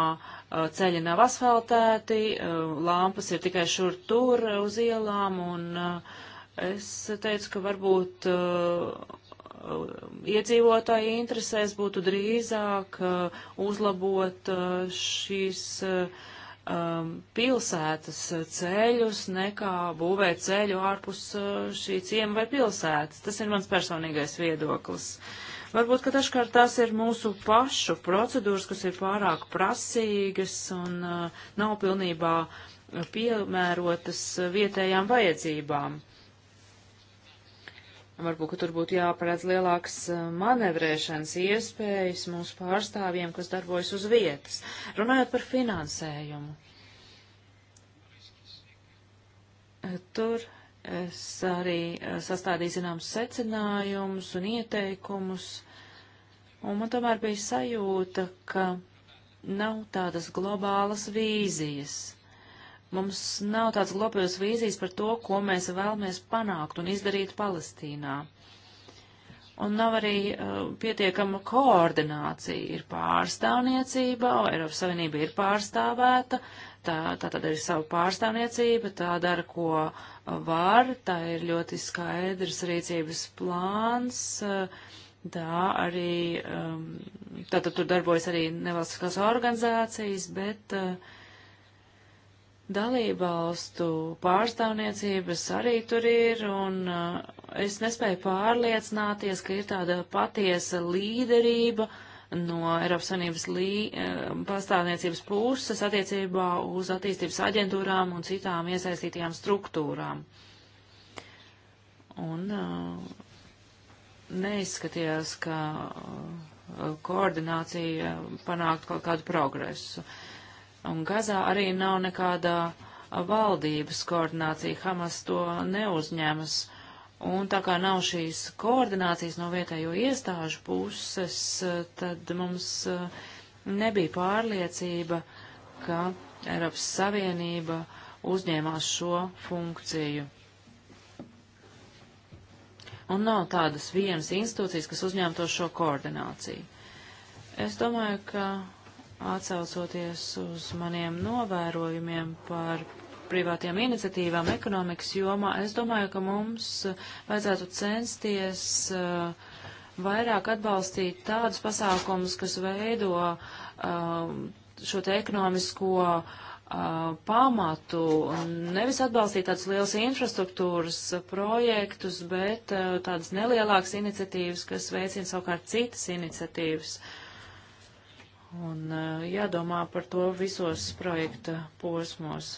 Speaker 3: ceļi nav asfaltēti, lampas ir tikai šur tur uz ielām, un es teicu, ka varbūt iedzīvotāji interesēs būtu drīzāk uzlabot šīs uh, um, pilsētas ceļus, nekā būvēt ceļu ārpus uh, šī ciema vai pilsētas. Tas ir mans personīgais viedoklis. Varbūt, ka dažkārt tās ir mūsu pašu procedūras, kas ir pārāk prasīgas un uh, nav pilnībā piemērotas vietējām vajadzībām. Uh, Varbūt, ka tur būtu jāparedz lielāks eh, manevrēšanas iespējas mūsu pārstāvjiem, kas darbojas uz vietas. Runājot par finansējumu. Eh, tur es arī eh, sastādīju zināms secinājumus un ieteikumus, un man tomēr bija sajūta, ka nav tādas globālas vīzijas Mums nav tāds globāls vīzijas par to, ko mēs vēlamies panākt un izdarīt Palestīnā. Un nav arī uh, pietiekama koordinācija. Ir pārstāvniecība, Eiropas Savienība ir pārstāvēta, tā, tā tad ir savu pārstāvniecība, tā dara, ko var, tā ir ļoti skaidrs rīcības plāns. Uh, Tā arī, um, tātad tur darbojas arī nevalstiskās organizācijas, bet uh, Dalībvalstu pārstāvniecības arī tur ir, un uh, es nespēju pārliecināties, ka ir tāda patiesa līderība no Eiropas Savienības lī, uh, pārstāvniecības puses attiecībā uz attīstības aģentūrām un citām iesaistītajām struktūrām. Un uh, neizskatījās, ka koordinācija panākt kaut kādu progresu. Uh, Un Gazā arī nav nekādā valdības koordinācija, Hamas to neuzņemas. Un tā kā nav šīs koordinācijas no vietējo iestāžu puses, tad mums eh, nebija pārliecība, ka Eiropas Savienība uzņēmās šo funkciju. Un nav tādas vienas institūcijas, kas uzņēmtos šo koordināciju. Es domāju, ka atsaucoties uz maniem novērojumiem par privātiem iniciatīvām ekonomikas jomā, es domāju, ka mums vajadzētu censties uh, vairāk atbalstīt tādus pasākumus, kas veido uh, šo te ekonomisko uh, pamatu, nevis atbalstīt tādas lielas infrastruktūras projektus, bet tādas nelielākas iniciatīvas, kas veicina savukārt citas iniciatīvas. Uh, Un eh, jādomā par to visos projekta posmos.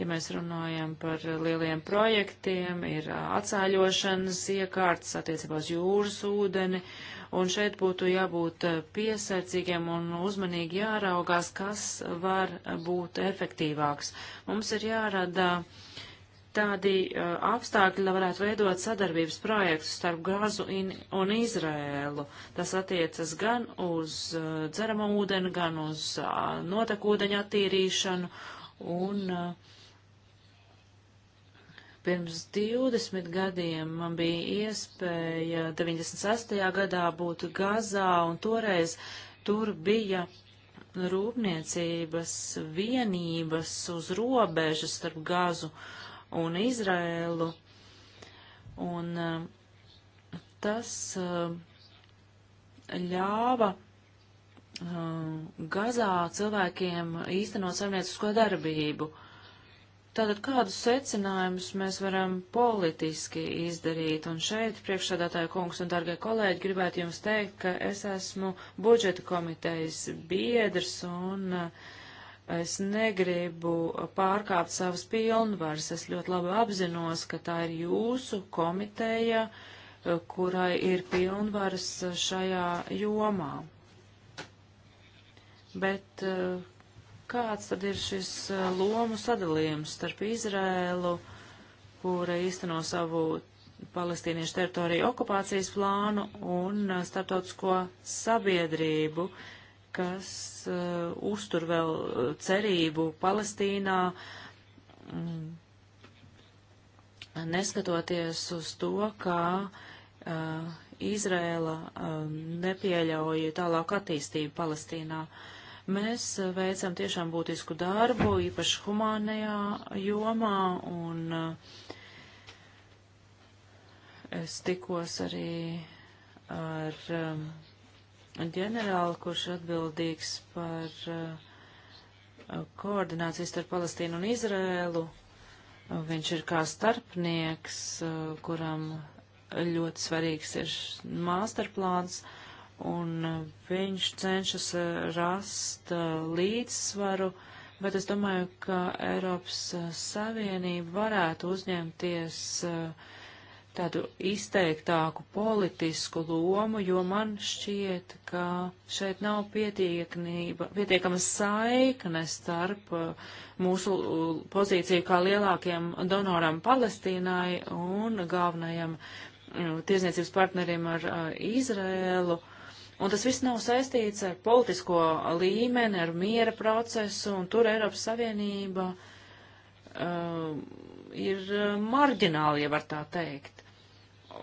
Speaker 3: ja mēs runājam par lieliem projektiem, ir eh, atsāļošanas iekārtas attiecībā uz jūras ūdeni, un šeit būtu jābūt eh, piesardzīgiem un uzmanīgi jāraugās, kas var būt efektīvāks. Mums ir jārada uh, tādi uh, apstākļi, lai varētu veidot sadarbības projektus starp Gāzu in, un Izrēlu. Tas attiecas gan uz uh, dzeramo ūdeni, gan uz uh, notekūdeņa attīrīšanu. Un uh, pirms 20 gadiem man bija iespēja 96. gadā būt Gazā, un toreiz tur bija rūpniecības vienības uz robežas starp Gazu. Uh, un Izrēlu. Un uh, tas uh, ļāva uh, Gazā cilvēkiem īstenot saimniecisko darbību. Tātad kādus secinājumus mēs varam politiski izdarīt? Un šeit, priekšsādātāja kungs un dargie kolēģi, gribētu jums teikt, ka es esmu budžeta komitejas biedrs un uh, Es negribu pārkāpt savas pilnvaras. Es ļoti labi apzinos, ka tā ir jūsu komiteja, kurai ir pilnvaras šajā jomā. Bet kāds tad ir šis eh, lomu sadalījums starp Izrēlu, kura īsteno savu palestīniešu teritoriju okupācijas plānu un eh, starptautisko sabiedrību, kas uh, uztur vēl uh, cerību Palestīnā, mm, neskatoties uz to, ka uh, Izrēla uh, nepieļauj tālāk attīstību Palestīnā. Mēs uh, veicam tiešām būtisku darbu, īpaši humānajā jomā, un uh, es tikos arī ar. Um, ģenerāli, kurš atbildīgs par uh, koordināciju starp Palestīnu un Izrēlu. Viņš ir kā starpnieks, uh, kuram ļoti svarīgs ir masterplāns, un uh, viņš cenšas uh, rast uh, līdzsvaru, bet es domāju, ka Eiropas uh, Savienība varētu uzņemties uh, tādu izteiktāku politisku lomu, jo man šķiet, ka šeit nav pietiekama saikne starp uh, mūsu uh, pozīciju kā lielākiem donoram Palestīnai un galvenajam mm, tiesniecības partnerim ar uh, Izrēlu. Un tas viss nav saistīts ar politisko līmeni, ar miera procesu, un tur Eiropas Savienība uh, ir marģināli, ja var tā teikt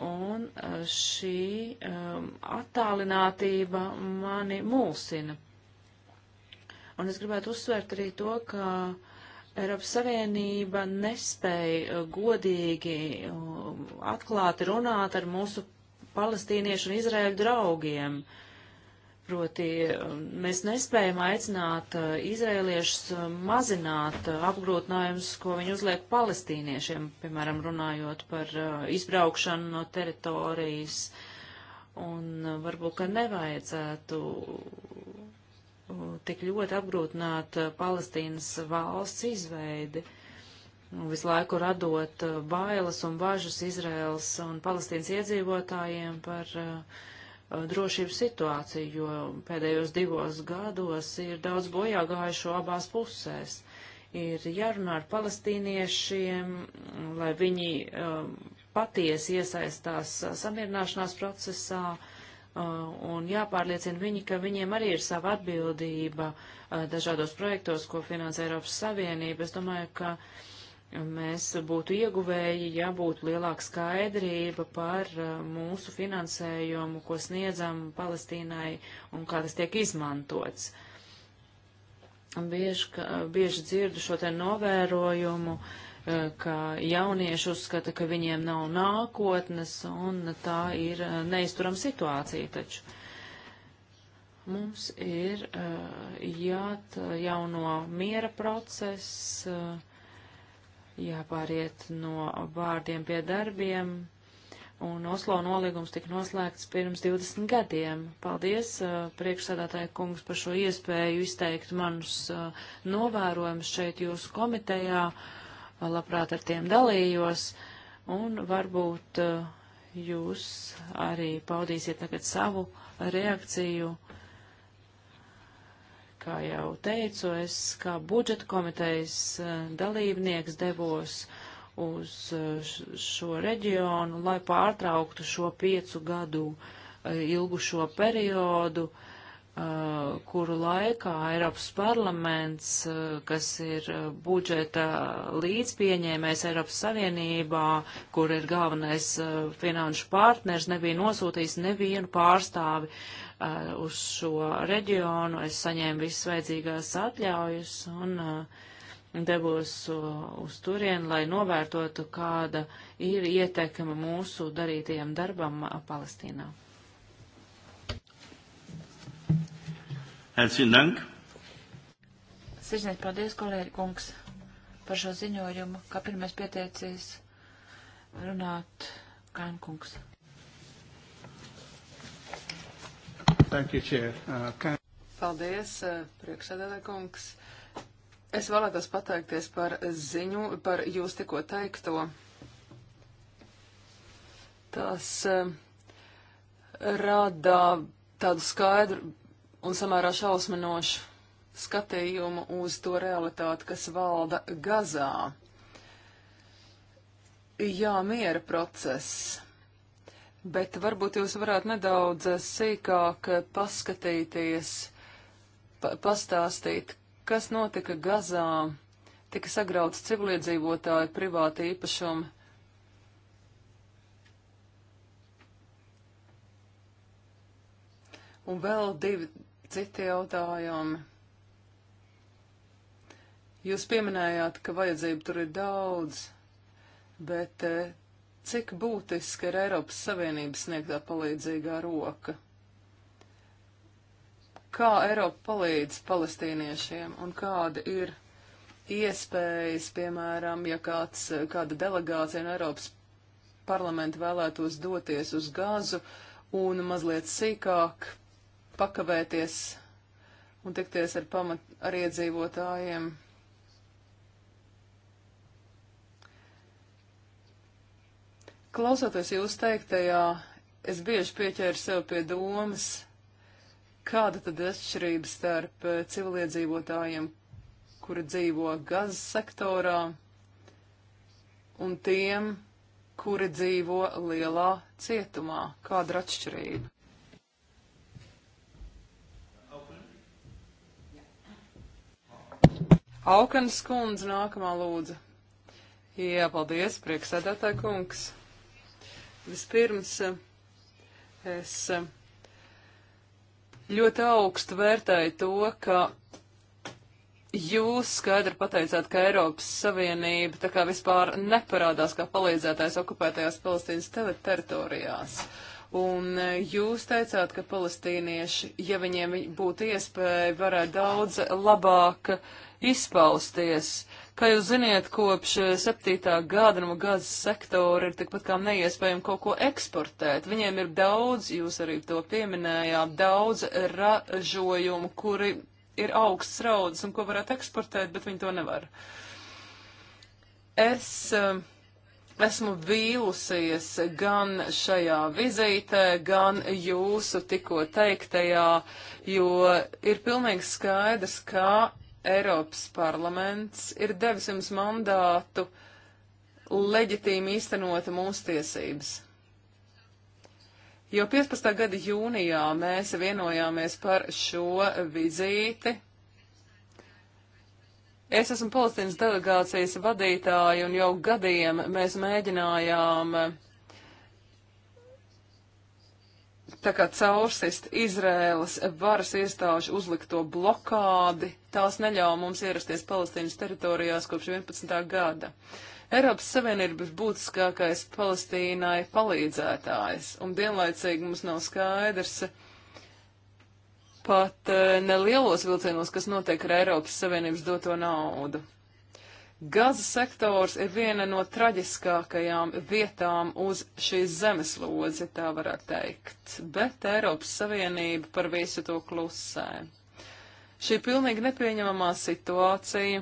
Speaker 3: un eh, šī um, attālinātība mani mulsina. Un es gribētu uzsvērt arī to, ka Eiropas Savienība nespēja eh, godīgi um, atklāti runāt ar mūsu palestīniešu un izrēļu draugiem. Uh, Proti um, mēs nespējam aicināt uh, izrēliešus um, mazināt uh, apgrūtinājumus, ko viņi uzliek palestīniešiem, piemēram, runājot par uh, izbraukšanu no teritorijas. Un varbūt, ka nevajadzētu tik ļoti apgrūtināt Palestīnas valsts izveidi, visu laiku radot bailes un bažas Izraels un Palestīnas iedzīvotājiem par uh, Uh, drošības situāciju, jo pēdējos divos gados ir daudz bojā gājušo abās pusēs. Ir jārunā ar palestīniešiem, lai viņi um, patiesi iesaistās samierināšanās procesā uh, un jāpārliecina viņi, ka viņiem arī ir sava atbildība uh, dažādos projektos, ko finansē Eiropas Savienība. Es domāju, ka uh, mēs būtu ieguvēji, ja būtu lielāka skaidrība par uh, mūsu finansējumu, ko sniedzam Palestīnai un kā tas tiek izmantots. Bieži, ka, bieži dzirdu šo te novērojumu, uh, ka jaunieši uzskata, ka viņiem nav nākotnes, un tā ir uh, neizturam situācija taču. Mums ir jāatjauno miera process, jāpāriet no vārdiem pie darbiem, un Oslo nolīgums tika noslēgts pirms 20 gadiem. Paldies, uh, priekšsādātāja kungs, par šo iespēju izteikt manus uh, novērojumus šeit jūsu komitejā, uh, labprāt ar tiem dalījos, un varbūt jūs arī paudīsiet tagad savu reakciju Kā jau teicu, es kā budžeta komitejas eh, dalībnieks devos uz eh, šo reģionu, lai pārtrauktu šo piecu gadu eh, ilgušo periodu, kuru laikā Eiropas parlaments, kas ir budžeta līdzpieņēmējs Eiropas Savienībā, kur ir galvenais finanšu partners, nebija nosūtījis nevienu pārstāvi uh, uz šo reģionu. Es saņēmu visas vajadzīgās atļaujas un uh, devos uh, uz turien, lai novērtotu, kāda ir ietekme mūsu darītajam darbam uh, Palestīnā. Herzlichen Dank. Sirsnieks, paldies,
Speaker 2: kolēģi kungs, par šo ziņojumu, kā pirmais pieteicies
Speaker 4: runāt Kankungs. kungs. Thank you, Chair. Uh, can... Paldies, uh, priekšsēdētāj kungs. Es vēlētos pateikties par ziņu, par jūs tikko teikto. Tas eh, rada tādu skaidru un samērā šausminošu skatījumu uz to realitāti, kas valda Gazā. Jā, miera process bet varbūt jūs varētu nedaudz eh, sīkāk eh, paskatīties, pa pastāstīt, kas notika Gazā, tika sagrauts civiliedzīvotāju privāti īpašumi. Un vēl divi citi jautājumi. Jūs pieminējāt, ka vajadzību tur ir daudz, bet eh, cik būtiska ir Eiropas Savienības sniegtā palīdzīgā roka. Kā Eiropa palīdz palestīniešiem un kāda ir iespējas, piemēram, ja kāds, kāda delegācija no Eiropas parlamenta vēlētos doties uz gazu un mazliet sīkāk pakavēties un tikties ar pamat ar iedzīvotājiem Klausoties jūs teiktajā, es bieži pieķēru sev pie domas, kāda tad ir atšķirība starp eh, civiliedzīvotājiem, kuri dzīvo gazas sektorā, un tiem, kuri dzīvo lielā cietumā. Kāda ir atšķirība? Aukanas kundze nākamā lūdzu. Jā, paldies, prieksēdētāji kungs. Vispirms eh, es eh, ļoti augstu vērtēju to, ka jūs skaidri pateicāt, ka Eiropas Savienība tā kā vispār neparādās kā palīdzētājs okupētajās Palestīnas teritorijās. Un eh, jūs teicāt, ka palestīnieši, ja viņiem būtu iespēja, varētu daudz labāk izpausties. Kā jūs ziniet, kopš eh, septītā gada no gazas sektora ir tikpat kā neiespējami kaut ko eksportēt. Viņiem ir daudz, jūs arī to pieminējāt, daudz ražojumu, kuri ir augsts raudas un ko varētu eksportēt, bet viņi to nevar. Es uh, esmu vīlusies gan šajā vizītē, gan jūsu tikko teiktajā, jo ir pilnīgi skaidrs, ka Eiropas parlaments ir devis jums mandātu leģitīmi īstenot mūsu tiesības. Jo 15. gada jūnijā mēs vienojāmies par šo vizīti. Es esmu Palestīnas delegācijas vadītāja un jau gadiem mēs mēģinājām uh, tā kā caursist Izrēlas varas iestāžu uzlikto blokādi, tās neļauj mums ierasties Palestīnas teritorijās kopš 11. gada. Eiropas Savienība ir būtiskākais Palestīnai palīdzētājs, un vienlaicīgi mums nav skaidrs pat eh, nelielos vilcienos, kas notiek ar Eiropas Savienības doto naudu. Gaza sektors ir viena no traģiskākajām vietām uz šīs zemeslodzi, tā varētu teikt, bet Eiropas Savienība par visu to klusē. Šī pilnīgi nepieņemamā situācija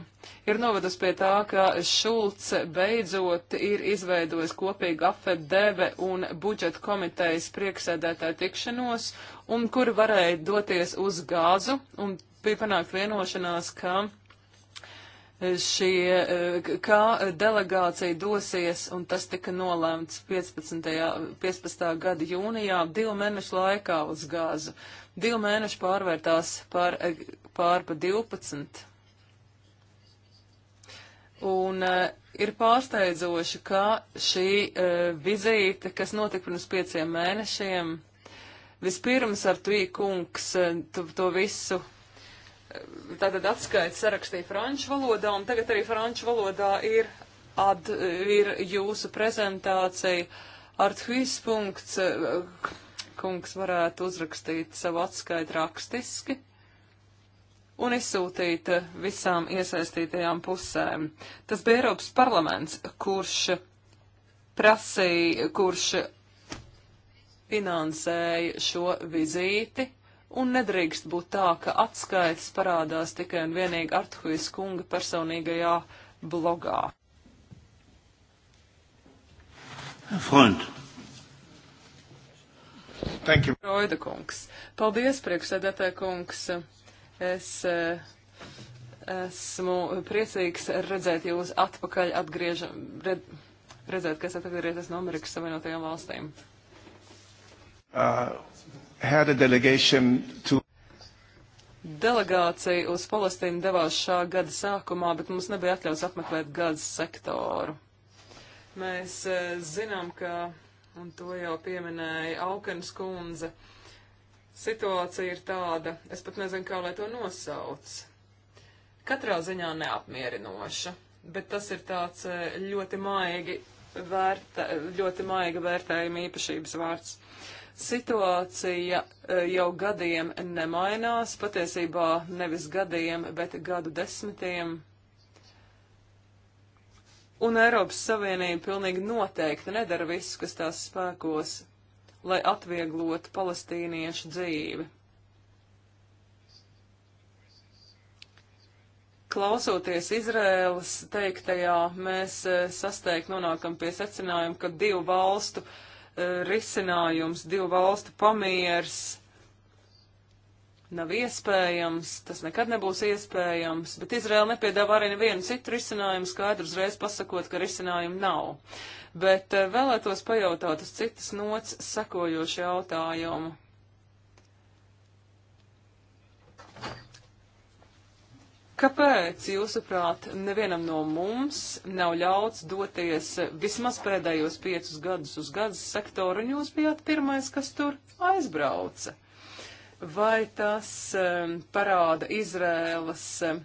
Speaker 4: ir novedusi pie tā, ka Šulc beidzot ir izveidojis kopīgu afet deve un budžeta komitejas prieksēdētāju tikšanos, un kur varēja doties uz gāzu, un bija panākt vienošanās, ka šie, eh, kā delegācija dosies, un tas tika nolēmts 15. 15. gada jūnijā divu mēnešu laikā uz gāzu. Divu mēnešu pārvērtās eh, pār, pārpa 12. Un eh, ir pārsteidzoši, ka šī vizīte, kas notika pirms pieciem mēnešiem, vispirms ar Tvī kungs to visu tātad atskaits sarakstīja franču valodā, un tagad arī franču valodā ir, ad, ir jūsu prezentācija. Arthuis punkts, eh, kungs varētu uzrakstīt savu atskaitu rakstiski un izsūtīt eh, visām iesaistītajām pusēm. Tas bija Eiropas parlaments, kurš prasīja, kurš finansēja šo vizīti un nedrīkst būt tā, ka atskaites parādās tikai un vienīgi Artuhujas kunga personīgajā blogā. Freund. Thank you. Roida kungs. Paldies, priekšsēdētāja kungs. Es eh, esmu priecīgs redzēt jūs atpakaļ atgriežam, red, redzēt, ka esat atgriezies no Amerikas Savienotajām valstīm.
Speaker 1: Uh had a delegation to
Speaker 4: Delegācija uz Palestīnu devās šā gada sākumā, bet mums nebija atļauts apmeklēt gazas sektoru. Mēs e, zinām, ka, un to jau pieminēja Aukens kundze, situācija ir tāda, es pat nezinu, kā lai to nosauc. Katrā ziņā neapmierinoša, bet tas ir tāds e, ļoti maigi, vērtē, ļoti maiga vērtējuma īpašības vārds. Situācija eh, jau gadiem nemainās, patiesībā nevis gadiem, bet gadu desmitiem. Un Eiropas Savienība pilnīgi noteikti nedara visu, kas tās spēkos, lai atvieglotu palestīniešu dzīvi. Klausoties Izraēlas teiktajā, mēs eh, sasteigt nonākam pie secinājuma, ka divu valstu uh, risinājums, divu valstu pamiers nav iespējams, tas nekad nebūs iespējams, bet Izraela nepiedāvā arī nevienu citu risinājumu, skaidru uzreiz pasakot, ka risinājumu nav. Bet eh, vēlētos pajautāt uz citas nots sekojošu jautājumu. Kāpēc, jūsuprāt, nevienam no mums nav ļauts doties vismaz pēdējos piecus gadus uz gazas sektoru, un jūs bijāt pirmais, kas tur aizbrauca? Vai tas um, parāda Izrēlas um,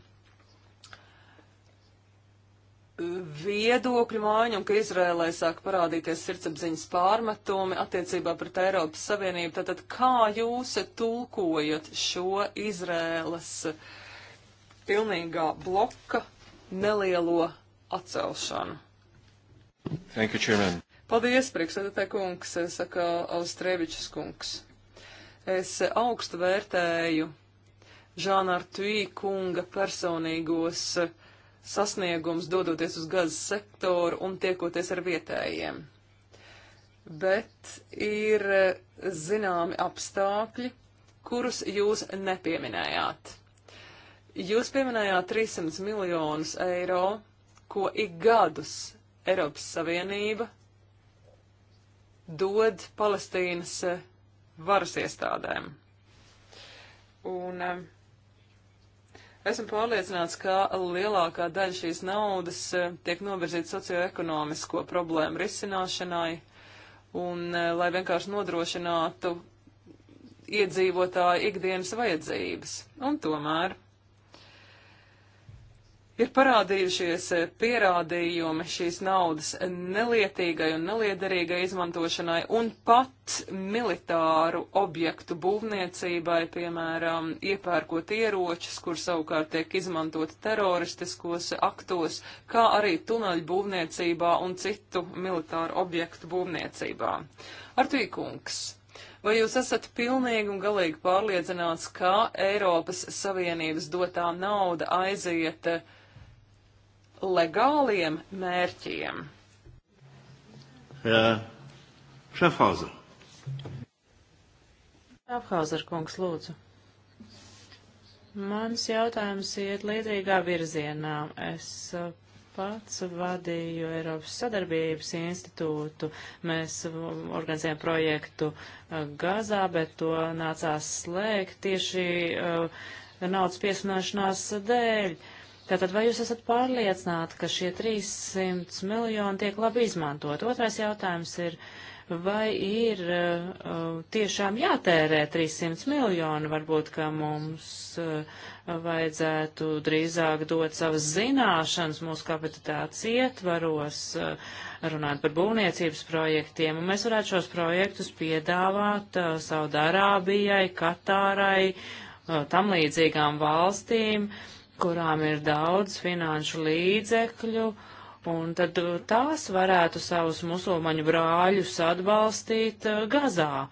Speaker 4: viedokļu mājiņu, un ka Izrēlē sāk parādīties sirdsapziņas pārmetumi attiecībā pret Eiropas Savienību. Tātad kā jūs tulkojat šo Izrēlas uh, pilnīgā bloka nelielo atcelšanu.
Speaker 2: Thank you, Chairman.
Speaker 4: Paldies, priekšsēdētāj kungs, saka Austrēvičs kungs. Es augstu vērtēju Žāna Artuī kunga personīgos sasniegums dodoties uz gazas sektoru un tiekoties ar vietējiem. Bet ir zināmi apstākļi, kurus jūs nepieminējāt. Jūs pieminējāt 300 miljonus eiro, ko ik gadus Eiropas Savienība dod Palestīnas eh, varas iestādēm. Un eh, esmu pārliecināts, ka lielākā daļa šīs naudas eh, tiek novirzīta socioekonomisko problēmu risināšanai, un lai vienkārši nodrošinātu iedzīvotāju ikdienas vajadzības. Un tomēr Ir parādījušies eh, pierādījumi šīs naudas nelietīgai un neliederīgai izmantošanai un pat militāru objektu būvniecībai, piemēram, iepērkot ieročus, kur savukārt tiek izmantot teroristiskos aktos, kā arī tuneļu būvniecībā un citu militāru objektu būvniecībā. Artīkungs. Vai jūs esat pilnīgi un galīgi pārliecināts, ka Eiropas Savienības dotā nauda aiziet uh, legāliem mērķiem.
Speaker 1: Jā, Šafhauser.
Speaker 3: Šafhauser kungs, lūdzu. Mans jautājums iet līdzīgā virzienā. Es uh, pats vadīju Eiropas sadarbības institūtu. Mēs uh, organizējam projektu uh, Gazā, bet to nācās slēgt tieši naudas piesināšanās dēļ. Tātad vai jūs esat pārliecināti, ka šie 300 miljoni tiek labi izmantot? Otrais jautājums ir, vai ir uh, tiešām jātērē 300 miljoni? Varbūt, ka mums uh, vajadzētu drīzāk dot savas zināšanas mūsu kapacitātes ietvaros, uh, runāt par būvniecības projektiem, un mēs varētu šos projektus piedāvāt uh, Saudārābijai, Katārai, uh, tam līdzīgām valstīm. Uh, kurām ir daudz finanšu līdzekļu, un tad tās varētu savus musulmaņu brāļus atbalstīt uh, Gazā.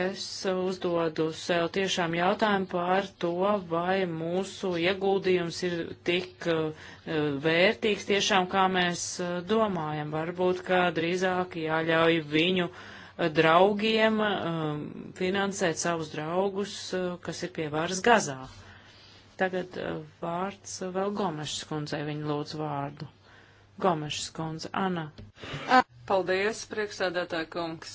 Speaker 3: Es uzdodu sev tiešām jautājumu par to, vai mūsu ieguldījums ir tik uh, vērtīgs tiešām, kā mēs uh, domājam. Varbūt, kā drīzāk jāļauj viņu draugiem um, finansēt savus draugus, kas ir pie varas Gazā. Tagad eh, vārds eh, vēl Gomešas kundzei, viņa lūdz vārdu. Gomešas kundze, Ana.
Speaker 4: Paldies, priekšsēdētāja kungs.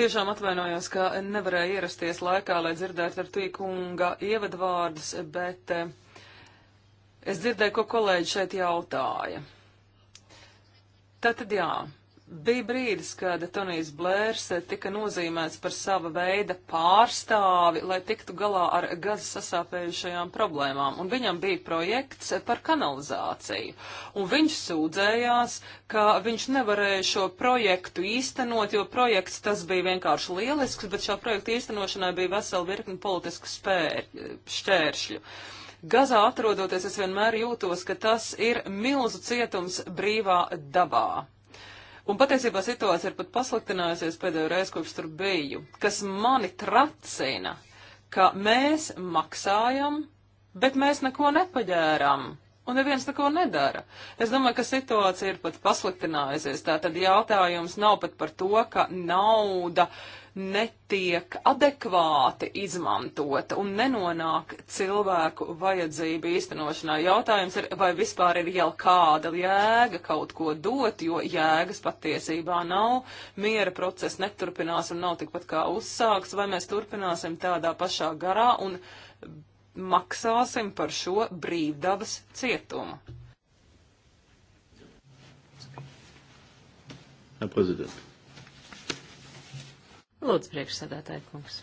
Speaker 4: Tiešām atvainojos, ka nevarēju ierasties laikā, lai dzirdētu ar tīkunga ievadvārdus, bet eh, es dzirdēju, ko kolēģi šeit jautāja. Tātad jā, Bija brīdis, kad Tonijs Blērs tika nozīmēts par sava veida pārstāvi, lai tiktu galā ar gazas sasāpējušajām problēmām, un viņam bija projekts par kanalizāciju. Un viņš sūdzējās, ka viņš nevarēja šo projektu īstenot, jo projekts tas bija vienkārši lielisks, bet šā projekta īstenošanai bija vesela virkni politisku spēr, šķēršļu. Gazā atrodoties, es vienmēr jūtos, ka tas ir milzu cietums brīvā dabā. Un patiesībā situācija ir pat pasliktinājusies pēdējo reizi, kopš tur biju, kas mani tracina, ka mēs maksājam, bet mēs neko nepaģērām. Un neviens neko nedara. Es domāju, ka situācija ir pat pasliktinājusies. Tātad jautājums nav pat par to, ka nauda uh, netiek adekvāti izmantota un nenonāk cilvēku vajadzību īstenošanā. Jautājums ir, vai vispār ir jau kāda jēga kaut ko dot, jo jēgas patiesībā nav, miera process neturpinās un nav tikpat kā uzsāks, vai mēs turpināsim tādā pašā garā un maksāsim par šo brīvdabas cietumu. Herr Präsident. Lūdzu, priekšsēdētāji
Speaker 3: kungs.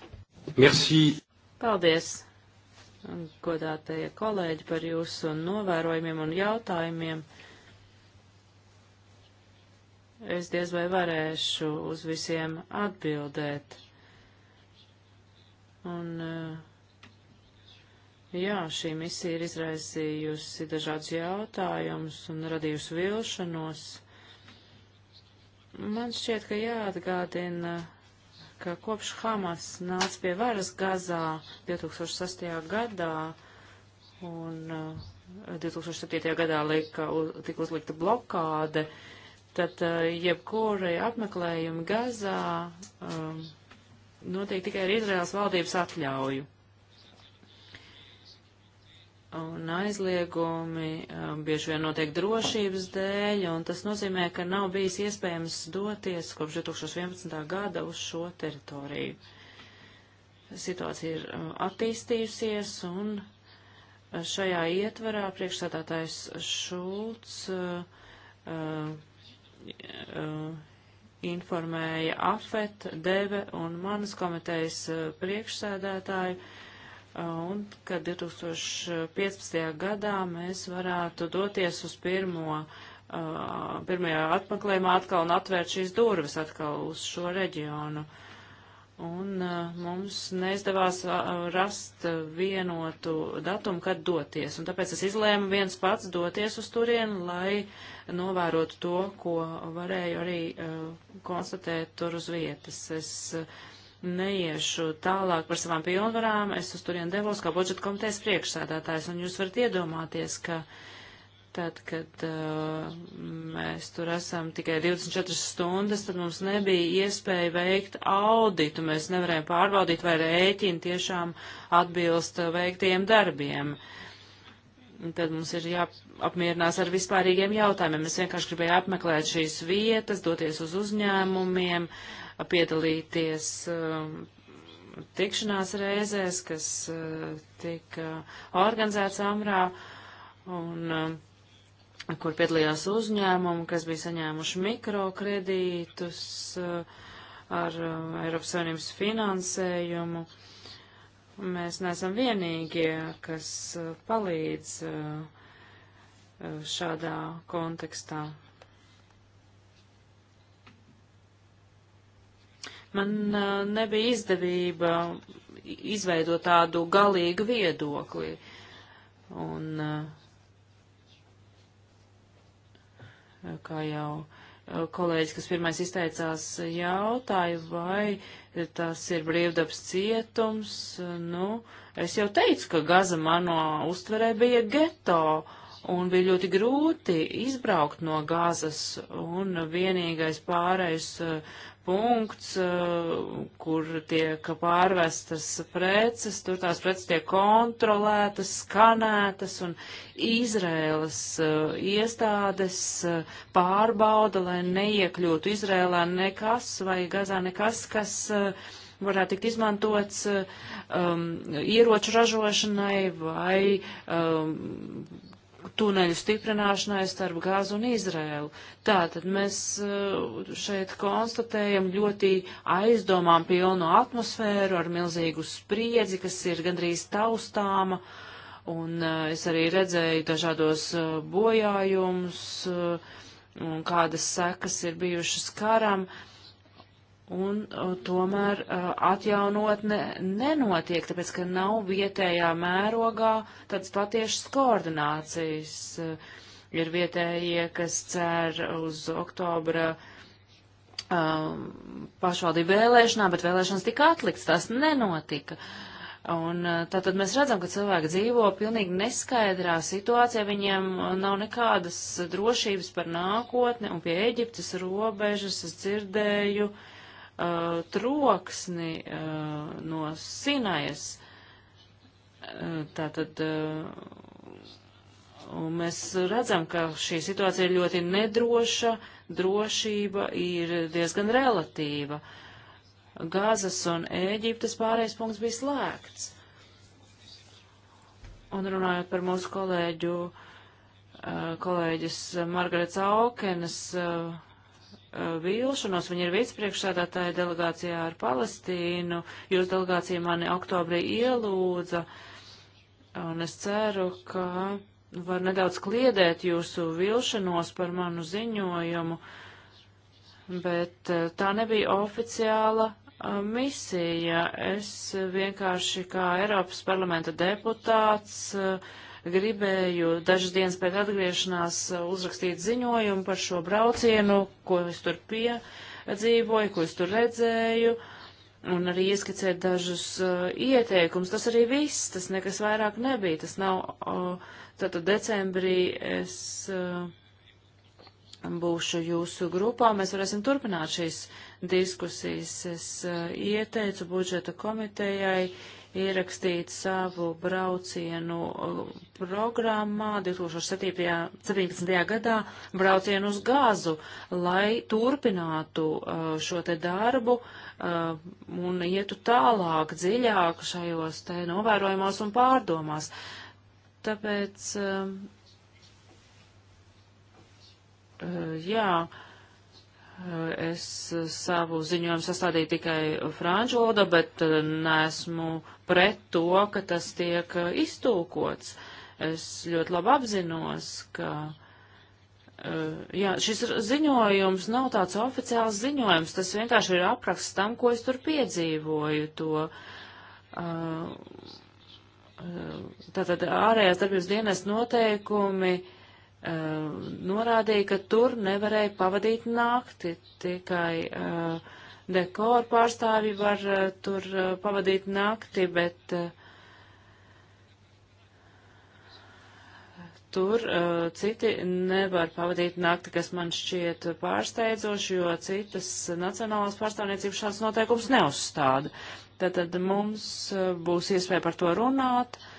Speaker 3: Merci. Paldies, godātie kolēģi, par jūsu novērojumiem un jautājumiem. Es diez vai varēšu uz visiem atbildēt. Un, eh, jā, šī misija ir izraisījusi dažādus jautājumus un radījusi vilšanos. Man šķiet, ka jāatgādina ka kopš Hamas nāca pie varas Gazā 2008. gadā un 2007. Eh, gadā lika, tika uzlikta blokāde, tad eh, jebkurai apmeklējumi Gazā um, notiek tikai ar Izraels valdības atļauju un aizliegumi um, bieži vien notiek drošības dēļ, un tas nozīmē, ka nav bijis iespējams doties kopš 2011. gada uz šo teritoriju. Situācija ir um, attīstījusies, un uh, šajā ietvarā priekšsādātājs Šulcs uh, uh, uh, informēja AFET, DEVE un manas komitejas uh, priekšsēdētāju, uh, un ka 2015. gadā mēs varētu doties uz pirmo, pirmajā atmeklējumā atkal un atvērt šīs durvis atkal uz šo reģionu. Un mums neizdevās rast vienotu datumu, kad doties. Un tāpēc es izlēmu viens pats doties uz turienu, lai novērotu to, ko varēju arī konstatēt tur uz vietas. Es neiešu tālāk par savām pilnvarām. Es uz turien devos kā budžeta komitejas priekšsēdētājs, un jūs varat iedomāties, ka tad, kad uh, mēs tur esam tikai 24 stundas, tad mums nebija iespēja veikt auditu. Mēs nevarējām pārbaudīt, vai rēķini tiešām atbilst veiktiem darbiem. Tad mums ir jāapmierinās ar vispārīgiem jautājumiem. Es vienkārši gribēju apmeklēt šīs vietas, doties uz uzņēmumiem. Uh, piedalīties um, tikšanās reizēs, kas uh, tika organizēts Amrā, un um, kur piedalījās uzņēmumi, kas bija saņēmuši mikrokredītus uh, ar uh, Eiropas Savienības finansējumu. Mēs neesam vienīgie, kas palīdz šādā kontekstā. Man nebija izdevība izveidot tādu galīgu viedokli. Un, kā jau kolēģis, kas pirmais izteicās, jautāja, vai tas ir brīvdabs cietums. Nu, es jau teicu, ka Gaza mano uztverē bija geto un bija ļoti grūti izbraukt no Gazas, un vienīgais pārējais punkts, eh, kur tiek pārvestas preces, tur tās preces tiek kontrolētas, skanētas, un Izrēlas eh, iestādes eh, pārbauda, lai neiekļūtu Izrēlā nekas vai Gazā nekas, kas varētu tikt izmantots um, ieroču ražošanai vai um, tuneļu stiprināšanai starp Gāzu un Izrēlu. Tātad mēs eh, šeit konstatējam ļoti aizdomām pilnu atmosfēru ar milzīgu spriedzi, kas ir gandrīz taustāma, un eh, es arī redzēju dažādos eh, bojājumus, un kādas sekas ir bijušas karam. Uh, un uh, tomēr uh, atjaunotne nenotiek, tāpēc, ka nav vietējā mērogā tādas patiešas koordinācijas. Uh, ir vietējie, kas cer uz oktobra um, pašvaldību vēlēšanām, bet vēlēšanas tika atlikts, tās nenotika. Un tātad mēs redzam, ka cilvēki dzīvo pilnīgi neskaidrā situācijā, viņiem nav nekādas drošības par nākotni, un pie Eģiptes robežas es dzirdēju uh, uh, troksni uh, no Sinajas. Uh, tātad, uh, un mēs redzam, ka šī situācija ir ļoti nedroša, drošība ir diezgan relatīva. Gāzes un Ēģiptes pārējais punkts bija slēgts. Un runājot par mūsu kolēģu, uh, kolēģis Margaretas Aukenes uh, Uh, vīlušanos. Viņa ir vicepriekšsādātāja delegācijā ar Palestīnu. Jūs delegācija mani oktobrī ielūdza, un es ceru, ka var nedaudz kliedēt jūsu vilšanos par manu ziņojumu, bet uh, tā nebija oficiāla uh, misija. Es vienkārši kā Eiropas parlamenta deputāts uh, gribēju dažas dienas pēc atgriešanās uzrakstīt ziņojumu par šo braucienu, ko es tur piedzīvoju, ko es tur redzēju, un arī ieskicēt dažus uh, ieteikumus. Tas arī viss, tas nekas vairāk nebija. Tas nav, uh, tātad decembrī es uh, būšu jūsu grupā, mēs varēsim turpināt šīs diskusijas. Es uh, ieteicu budžeta komitejai. Uh, ierakstīt savu braucienu uh, programmā 2017. gadā braucienu uz gāzu, lai turpinātu uh, šo te darbu uh, un ietu tālāk, dziļāk šajos te novērojumos un pārdomās. Tāpēc, um, jā, Es savu ziņojumu sastādīju tikai franču valodā, bet eh, nesmu pret to, ka tas tiek eh, iztūkots. Es ļoti labi apzinos, ka eh, jā, šis ziņojums nav tāds oficiāls ziņojums, tas vienkārši ir apraksts tam, ko es tur piedzīvoju. To, tātad ārējās darbības dienas noteikumi Ehm, norādīja, ka tur nevarēja pavadīt nakti, tikai uh, dekoru pārstāvji var uh, tur uh, pavadīt nakti, bet eh, tur citi nevar pavadīt nakti, kas man šķiet pārsteidzoši, jo citas nacionālās pārstāvniecības šāds noteikums neuzstāda. Tātad mums būs iespēja par to runāt. Uh,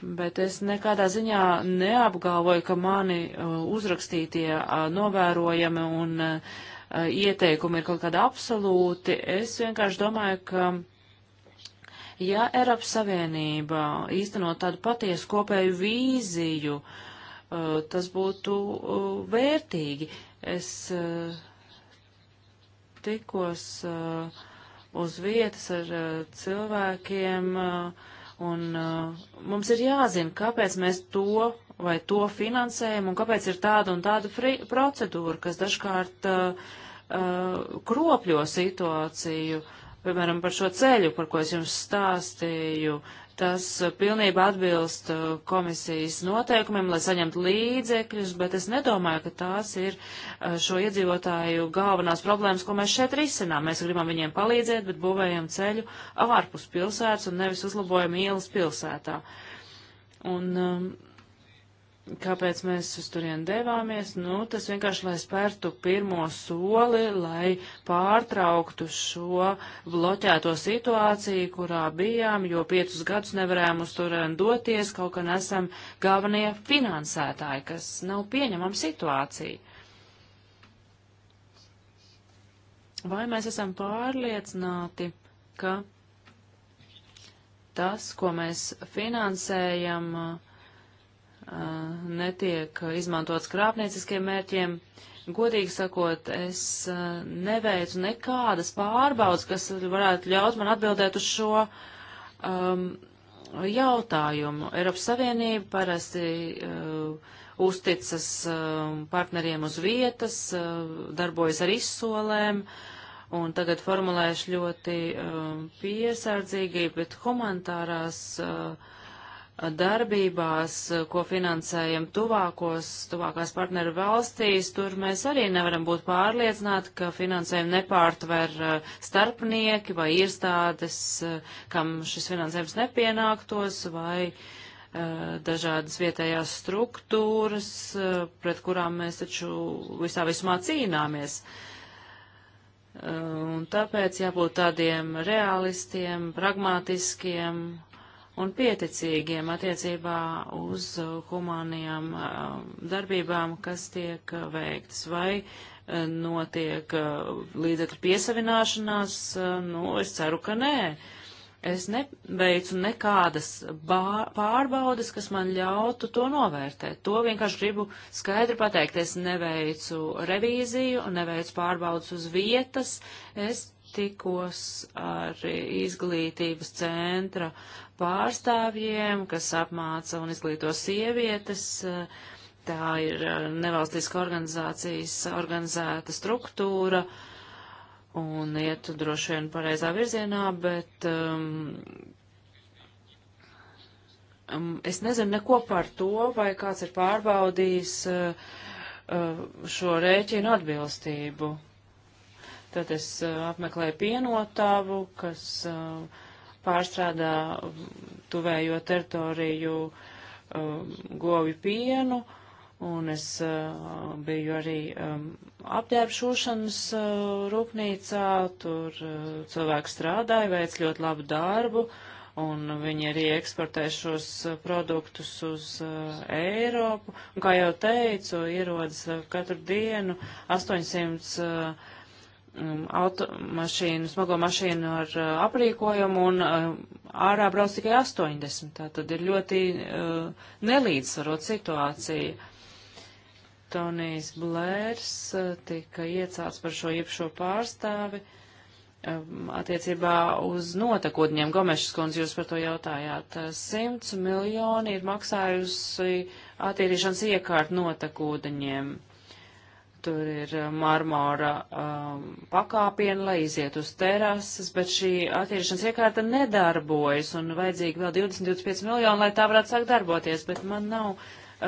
Speaker 3: Bet es nekādā ziņā neapgalvoju, ka mani uh, uzrakstītie uh, novērojami un uh, ieteikumi ir kaut kādi absolūti. Es vienkārši domāju, ka ja Eiropas Savienība īstenot tādu patiesu kopēju vīziju, tas būtu vērtīgi. Es tikos uz vietas ar cilvēkiem, uh, Un uh, mums ir jāzina, kāpēc mēs to vai to finansējam un kāpēc ir tāda un tāda procedūra, kas dažkārt uh, uh, kropļo situāciju. Uh, piemēram, par šo ceļu, par ko es jums stāstīju, tas pilnībā atbilst uh, komisijas noteikumiem, lai saņemtu līdzekļus, bet es nedomāju, ka tās ir uh, šo iedzīvotāju galvenās problēmas, ko mēs šeit risinām. Mēs gribam viņiem palīdzēt, bet būvējam ceļu ārpus pilsētas un nevis uzlabojam ielas pilsētā. Un, um, Kāpēc mēs uz turien devāmies? Nu, tas vienkārši, lai spērtu pirmo soli, lai pārtrauktu šo bloķēto situāciju, kurā bijām, jo piecus gadus nevarējām uz turien doties, kaut gan esam galvenie finansētāji, kas nav pieņemama situācija. Vai mēs esam pārliecināti, ka tas, ko mēs finansējam, uh, netiek izmantots krāpnieciskiem mērķiem. Godīgi sakot, es neveicu nekādas pārbaudas, kas varētu ļaut man atbildēt uz šo um, jautājumu. Eiropas Savienība parasti uh, uzticas uh, partneriem uz vietas, uh, darbojas ar izsolēm. Uh, un tagad formulēšu ļoti um, piesardzīgi, bet humanitārās uh, darbībās, ko finansējam tuvākos, tuvākās partneru valstīs, tur mēs arī nevaram būt pārliecināti, ka finansējumu nepārtver eh, starpnieki vai iestādes, eh, kam šis finansējums nepienāktos, vai eh, dažādas vietējās struktūras, pret kurām mēs taču visā vismā cīnāmies. Un tāpēc jābūt tādiem realistiem, pragmatiskiem un pieticīgiem attiecībā uz uh, humānajām uh, darbībām, kas tiek uh, veiktas, vai notiek līdzekļu piesavināšanās, nu, es ceru, ka nē. Es neveicu nekādas pārbaudas, kas man ļautu to novērtēt. To vienkārši gribu skaidri pateikt. Es neveicu revīziju, neveicu pārbaudas uz vietas. Es tikos ar izglītības centra pārstāvjiem, kas apmāca un izglīto sievietes. Tā ir eh, nevalstiska organizācijas organizēta struktūra un iet droši vien pareizā virzienā, bet um, um es nezinu neko par to, vai kāds ir pārbaudījis uh, uh, šo rēķinu atbilstību. Tad es uh, apmeklēju pienotavu, kas uh, pārstrādā tuvējo teritoriju um, govju pienu, un es uh, biju arī um, apģērbšošanas uh, rūpnīcā, tur uh, cilvēki strādāja, veic ļoti labu darbu, un viņi arī eksportē šos uh, produktus uz uh, Eiropu, un kā jau teicu, ierodas uh, katru dienu 800 uh, Um, automašīnu, smago mašīnu ar uh, aprīkojumu un uh, ārā brauc tikai 80. Tā tad ir ļoti uh, nelīdzsvarot situācija. Tonijs Blērs uh, tika iecāts par šo iepšo pārstāvi um, attiecībā uz notekūdņiem. Gomešas kundze, jūs par to jautājāt. 100 uh, miljoni ir maksājusi attīrīšanas iekārt notekūdņiem. Tur ir eh, marmora um, pakāpiena, lai iziet uz terases, bet šī attīrīšanas iekārta nedarbojas un vajadzīgi vēl 20-25 miljoni, lai tā varētu sākt darboties, bet man nav uh,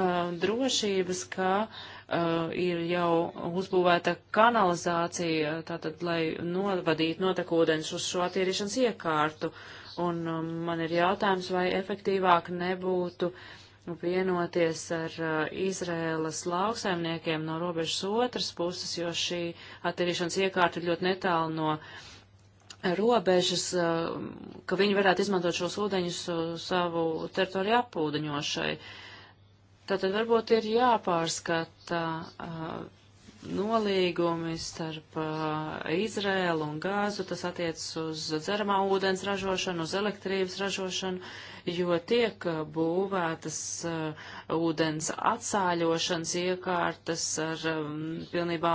Speaker 3: drošības, ka uh, ir jau uzbūvēta kanalizācija, eh, tātad, lai novadītu notekūdeņus uz šo attīrīšanas iekārtu. Un um, man ir jautājums, vai efektīvāk nebūtu vienoties ar uh, Izrēlas lauksaimniekiem no robežas otras puses, jo šī attīrīšanas iekārta ir ļoti netālu no robežas, uh, ka viņi varētu izmantot šos ūdeņus uh, savu teritoriju apūdeņošai. Tātad varbūt ir jāpārskata nolīgumi starp Izrēlu un Gāzu, tas attiecas uz dzeramā ūdens ražošanu, uz elektrības ražošanu jo tiek uh, būvētas uh, ūdens atsāļošanas iekārtas ar um, pilnībā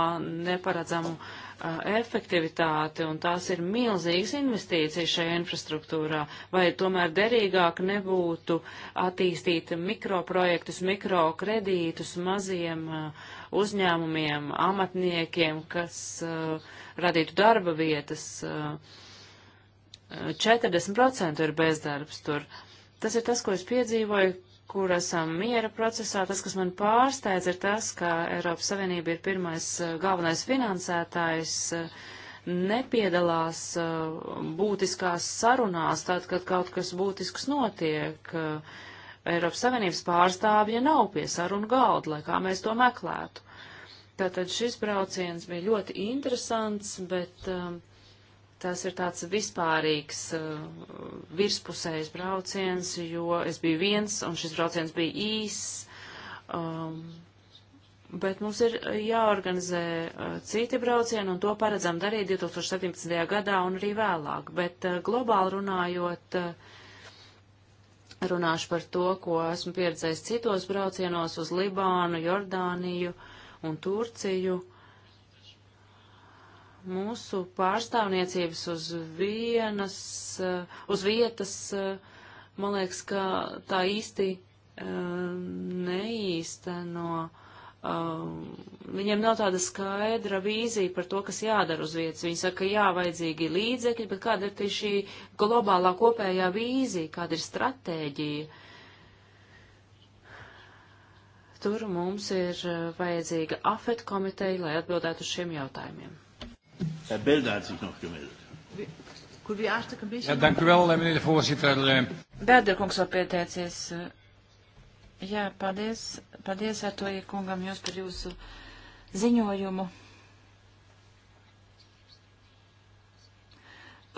Speaker 3: neparedzamu uh, efektivitāti, un tās ir milzīgas investīcijas šajā infrastruktūrā, vai tomēr derīgāk nebūtu attīstīt mikroprojektus, mikrokredītus maziem uzņēmumiem, amatniekiem, kas uh, radītu darba vietas. Uh, 40% ir bezdarbs tur. Uh, Tas ir tas, ko es piedzīvoju, kur esam miera procesā. Tas, kas man pārsteidz, ir tas, ka Eiropas Savienība ir pirmais eh, galvenais finansētājs eh, nepiedalās eh, būtiskās sarunās, tad, kad kaut kas būtisks notiek. Eiropas Savienības pārstāvja nav pie sarunu galda, lai kā mēs to meklētu. Tātad šis brauciens bija ļoti interesants, bet uh, Tas ir tāds vispārīgs uh, virspusējs brauciens, jo es biju viens un šis brauciens bija īss. Um, bet mums ir jāorganizē uh, citi braucieni, un to paredzam darīt 2017. gadā un arī vēlāk. Bet uh, globāli runājot, uh, runāšu par to, ko esmu pieredzējis citos braucienos uz Libānu, Jordāniju un Turciju. Uh, mūsu pārstāvniecības uz vienas, eh, uz vietas, eh, man liekas, ka tā īsti eh, neīsteno. Viņiem nav tāda skaidra vīzija par to, kas jādara uz vietas. Viņi saka, ka jā, vajadzīgi līdzekļi, bet kāda ir šī globālā kopējā vīzija, kāda ir stratēģija? Uh, Tur mums ir vajadzīga afet komiteja, lai atbildētu uz šiem jautājumiem.
Speaker 1: Herr Belder hat sich nog gemeldet.
Speaker 3: Could we ask the commission? Ja, dank
Speaker 2: u
Speaker 4: wel, meneer de voorzitter. Eh,
Speaker 2: Belder kungs vēl pieteicies. Jā, paldies. Paldies, Artoja kungam, jūs par jūsu ziņojumu.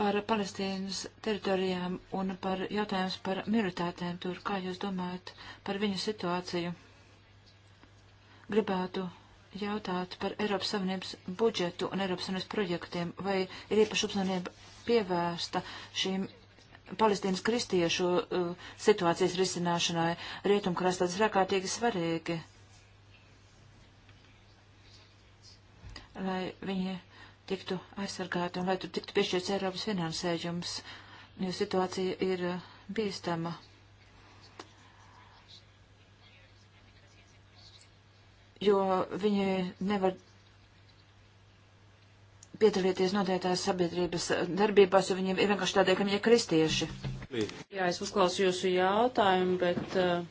Speaker 2: par Palestīnas teritorijām un par jautājums par minoritātēm tur. Kā jūs domājat par viņu situāciju? Gribētu jautāt par Eiropas Savienības budžetu un Eiropas Savienības projektiem, vai ir īpaši uzmanība pievērsta šīm palestīnas kristiešu uh, situācijas risināšanai. Rietumkrastā tas ir ārkārtīgi svarīgi, lai viņi tiktu aizsargāti un lai tur tiktu piešķirts Eiropas finansējums, jo situācija ir uh, bīstama. Uh, jo viņi nevar piedalīties noteiktās sabiedrības darbībās, jo viņiem ir vienkārši tādēļ, ka viņi ir
Speaker 3: kristieši. Jā, es uzklausu jūsu jautājumu, bet eh,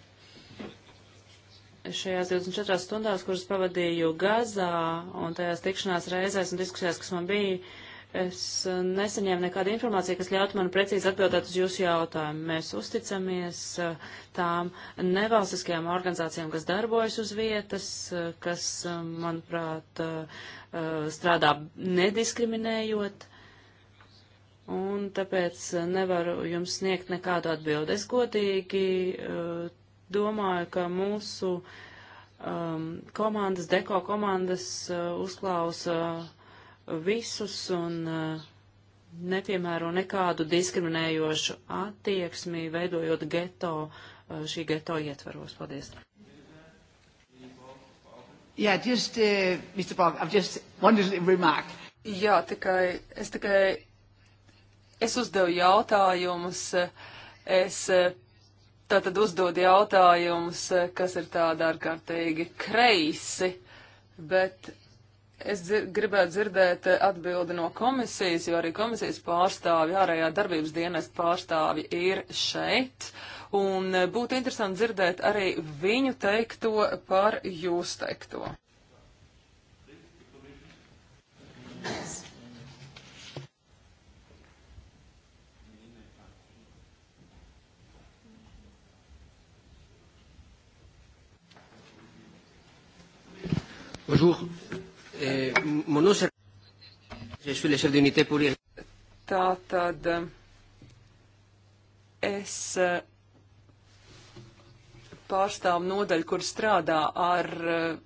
Speaker 3: šajās 24 stundās, kuras pavadīju Gazā un tajās tikšanās reizēs un diskusijās, kas man bija, uh, Es eh, nesaņēmu nekādu informāciju, kas ļautu man precīzi atbildēt uz jūsu jautājumu. Mēs uzticamies eh, tām nevalstiskajām organizācijām, kas darbojas uz vietas, eh, kas, manuprāt, strādā nediskriminējot. Un tāpēc nevaru jums sniegt nekādu atbildi. Es godīgi domāju, ka mūsu um, komandas, deko komandas uzklausa visus un eh, nepiemēro nekādu diskriminējošu attieksmi, veidojot geto eh, šī geto ietvaros. Paldies.
Speaker 2: Yeah, just, uh, Mr. Bog, I've just one little remark.
Speaker 4: Jā, tikai es tikai es uzdevu jautājumus, es tātad uzdodu jautājumus, kas ir tāda ārkārtīgi kreisi, bet Es dzir gribētu dzirdēt eh, atbildi no komisijas, jo arī komisijas pārstāvi, ārējā darbības dienesta pārstāvi ir šeit. Un eh, būtu interesanti dzirdēt arī viņu teikto par jūs teikto. Bonjour. Tā tad es eh, pārstāvu nodaļu, kur strādā ar. Eh,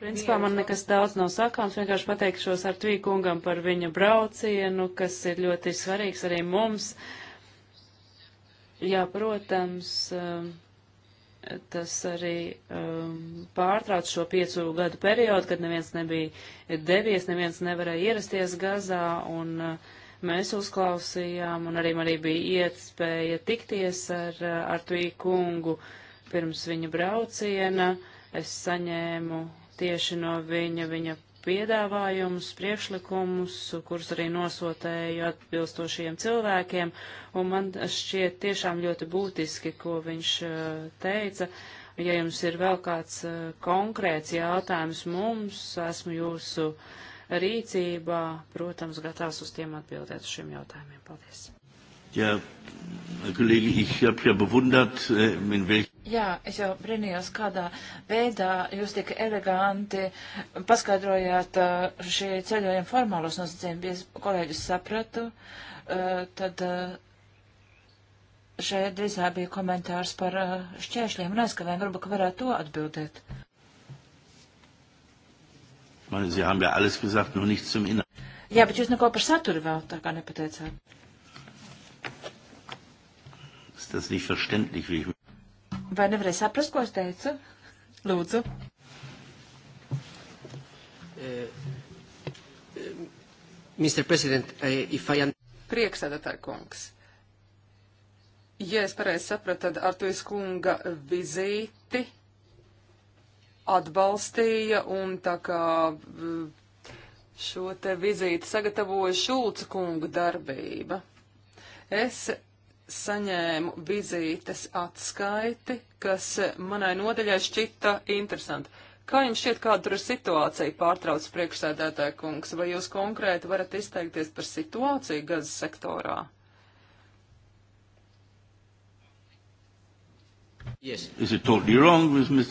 Speaker 4: Principā man nekas daudz nav sakāms,
Speaker 3: vienkārši pateikšos ar Tvīkungam par viņa braucienu, kas ir ļoti svarīgs arī mums. Jā, protams. Uh, tas arī um, pārtrauc šo piecu gadu periodu, kad neviens nebija devies, neviens nevarēja ierasties Gazā, un uh, mēs uzklausījām, un arī man arī bija iespēja tikties ar uh, Artuī kungu pirms viņa brauciena. Es saņēmu tieši no viņa, viņa piedāvājumus, priekšlikumus, kurus arī nosūtēju atbilstošiem cilvēkiem, un man šķiet tiešām ļoti būtiski, ko viņš uh, teica. Ja jums ir vēl kāds uh, konkrēts jautājums mums, esmu jūsu rīcībā, protams, gatavs uz tiem atbildēt uz šiem jautājumiem. Paldies!
Speaker 1: Ja, Kollege, ich habe ja bewundert, äh, in welchem
Speaker 3: Jā, es jau brīnījos, kādā
Speaker 2: veidā jūs tik eleganti paskaidrojāt uh, šī ceļojuma formālos nosacījumi, ja kolēģis sapratu, uh, tad uh, šeit drīzāk bija komentārs par šķēršļiem un aizkavēm, varbūt, ka varētu to atbildēt.
Speaker 1: Man, Sie haben ja alles gesagt, nur nichts zum Inhalt.
Speaker 2: Jā, bet jūs neko par saturu vēl tā kā nepateicāt.
Speaker 1: Ist das nicht verständlich, wie ich
Speaker 2: Vai nevarēja saprast, ko es teicu?
Speaker 4: Lūdzu. Uh, eh, uh, eh, Mr. President, uh, if I... Prieksēdētāji kungs. Ja es pareizi sapratu, tad Artuis kunga vizīti atbalstīja un tā kā šo te vizīti sagatavoja Šulca kunga darbība. Es saņēmu vizītes atskaiti, kas manai nodeļai šķita interesanti. Kā jums šķiet, kāda tur ir situācija, pārtrauc priekšsēdētāja kungs, vai jūs konkrēti varat izteikties par situāciju gazas sektorā? Yes.
Speaker 1: Totally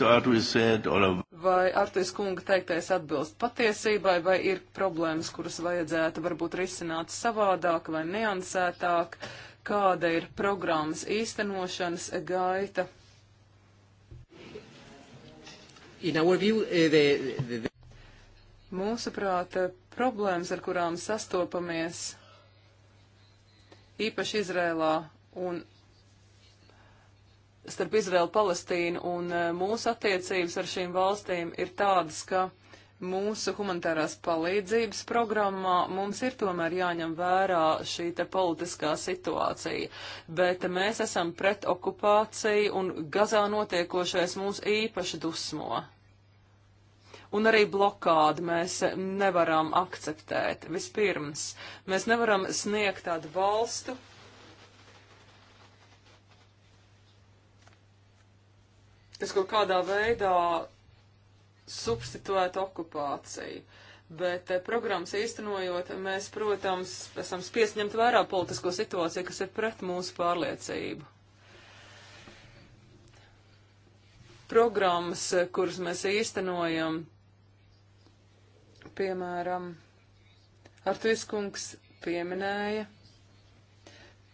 Speaker 1: Artuis said, or...
Speaker 4: Vai Artuis kunga teiktais atbilst patiesībai, vai ir problēmas, kuras vajadzētu varbūt risināt savādāk vai niansētāk? Uh, kāda ir programmas īstenošanas gaita. View, the, eh, the, the... Mūsuprāt, eh, problēmas, ar kurām sastopamies īpaši Izrēlā un starp Izrēlu, Palestīnu un eh, mūsu attiecības ar šīm valstīm ir tādas, ka mūsu humanitārās palīdzības programmā mums ir tomēr jāņem vērā šī te politiskā situācija, bet mēs esam pret okupāciju un Gazā notiekošais mūs īpaši dusmo. Un arī blokādi mēs nevaram akceptēt. Vispirms, mēs nevaram sniegt tādu valstu, kas kaut kādā veidā substituēt okupāciju. Bet eh, programmas īstenojot, mēs, protams, esam spiest ņemt vērā politisko situāciju, kas ir pret mūsu pārliecību. Programmas, eh, kuras mēs īstenojam, piemēram, Artuiskungs pieminēja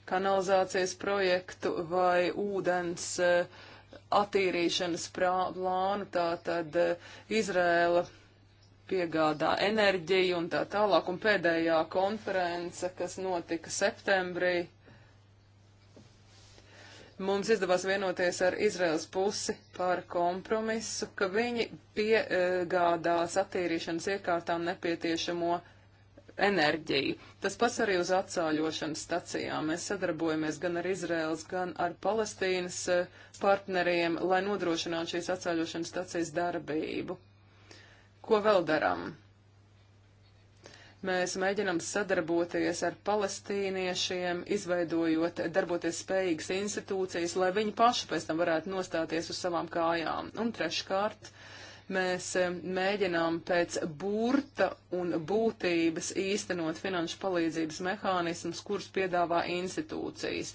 Speaker 4: kanalizācijas projektu vai ūdens uh, eh, attīrīšanas plānu, tā tad eh, Izrēla piegādā enerģiju un tā tālāk, un pēdējā konference, kas notika septembrī, mums izdevās vienoties ar Izraels pusi par kompromisu, ka viņi piegādās attīrīšanas iekārtām nepietiešamo enerģiju. Tas pats arī uz atsāļošanas stacijām. Mēs sadarbojamies gan ar Izraels, gan ar Palestīnas eh, partneriem, lai nodrošinātu šīs atsāļošanas stacijas darbību. Ko vēl darām? Mēs mēģinām sadarboties ar palestīniešiem, izveidojot darboties spējīgas institūcijas, lai viņi paši pēc tam varētu nostāties uz savām kājām. Un treškārt, uh, Mēs e, mēģinām pēc burta un būtības īstenot finanšu palīdzības mehānismus, kurus piedāvā institūcijas.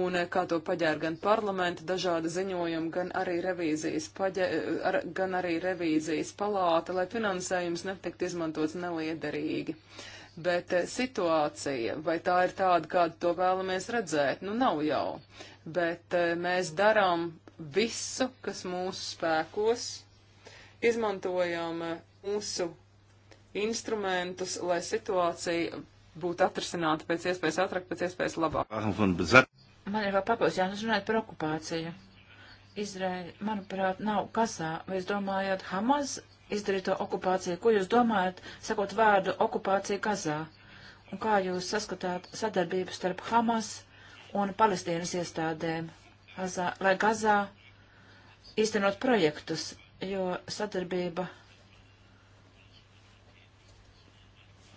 Speaker 4: Un e, kā to paģēra gan parlamenta dažāda ziņojuma, gan arī revīzijas, paģē, e, ar, gan arī revīzijas palāta, lai finansējums netikt izmantots neliederīgi. Bet situācija, vai tā ir tāda, kādu to vēlamies redzēt, nu nav jau. Bet mēs darām visu, kas mūsu spēkos, izmantojam eh, mūsu instrumentus, lai situācija būtu atrisināta pēc iespējas ātrāk, pēc iespējas labāk.
Speaker 1: Man
Speaker 2: ir vēl papildus jānis runāt par okupāciju. Izraēļ, manuprāt, nav kasā. Vai jūs domājat Hamas izdarīto okupāciju? Ko jūs domājat, sakot vārdu okupācija Gazā? Un kā jūs saskatāt sadarbību starp Hamas un Palestīnas iestādēm, Gazā, lai Gazā īstenot projektus, jo sadarbība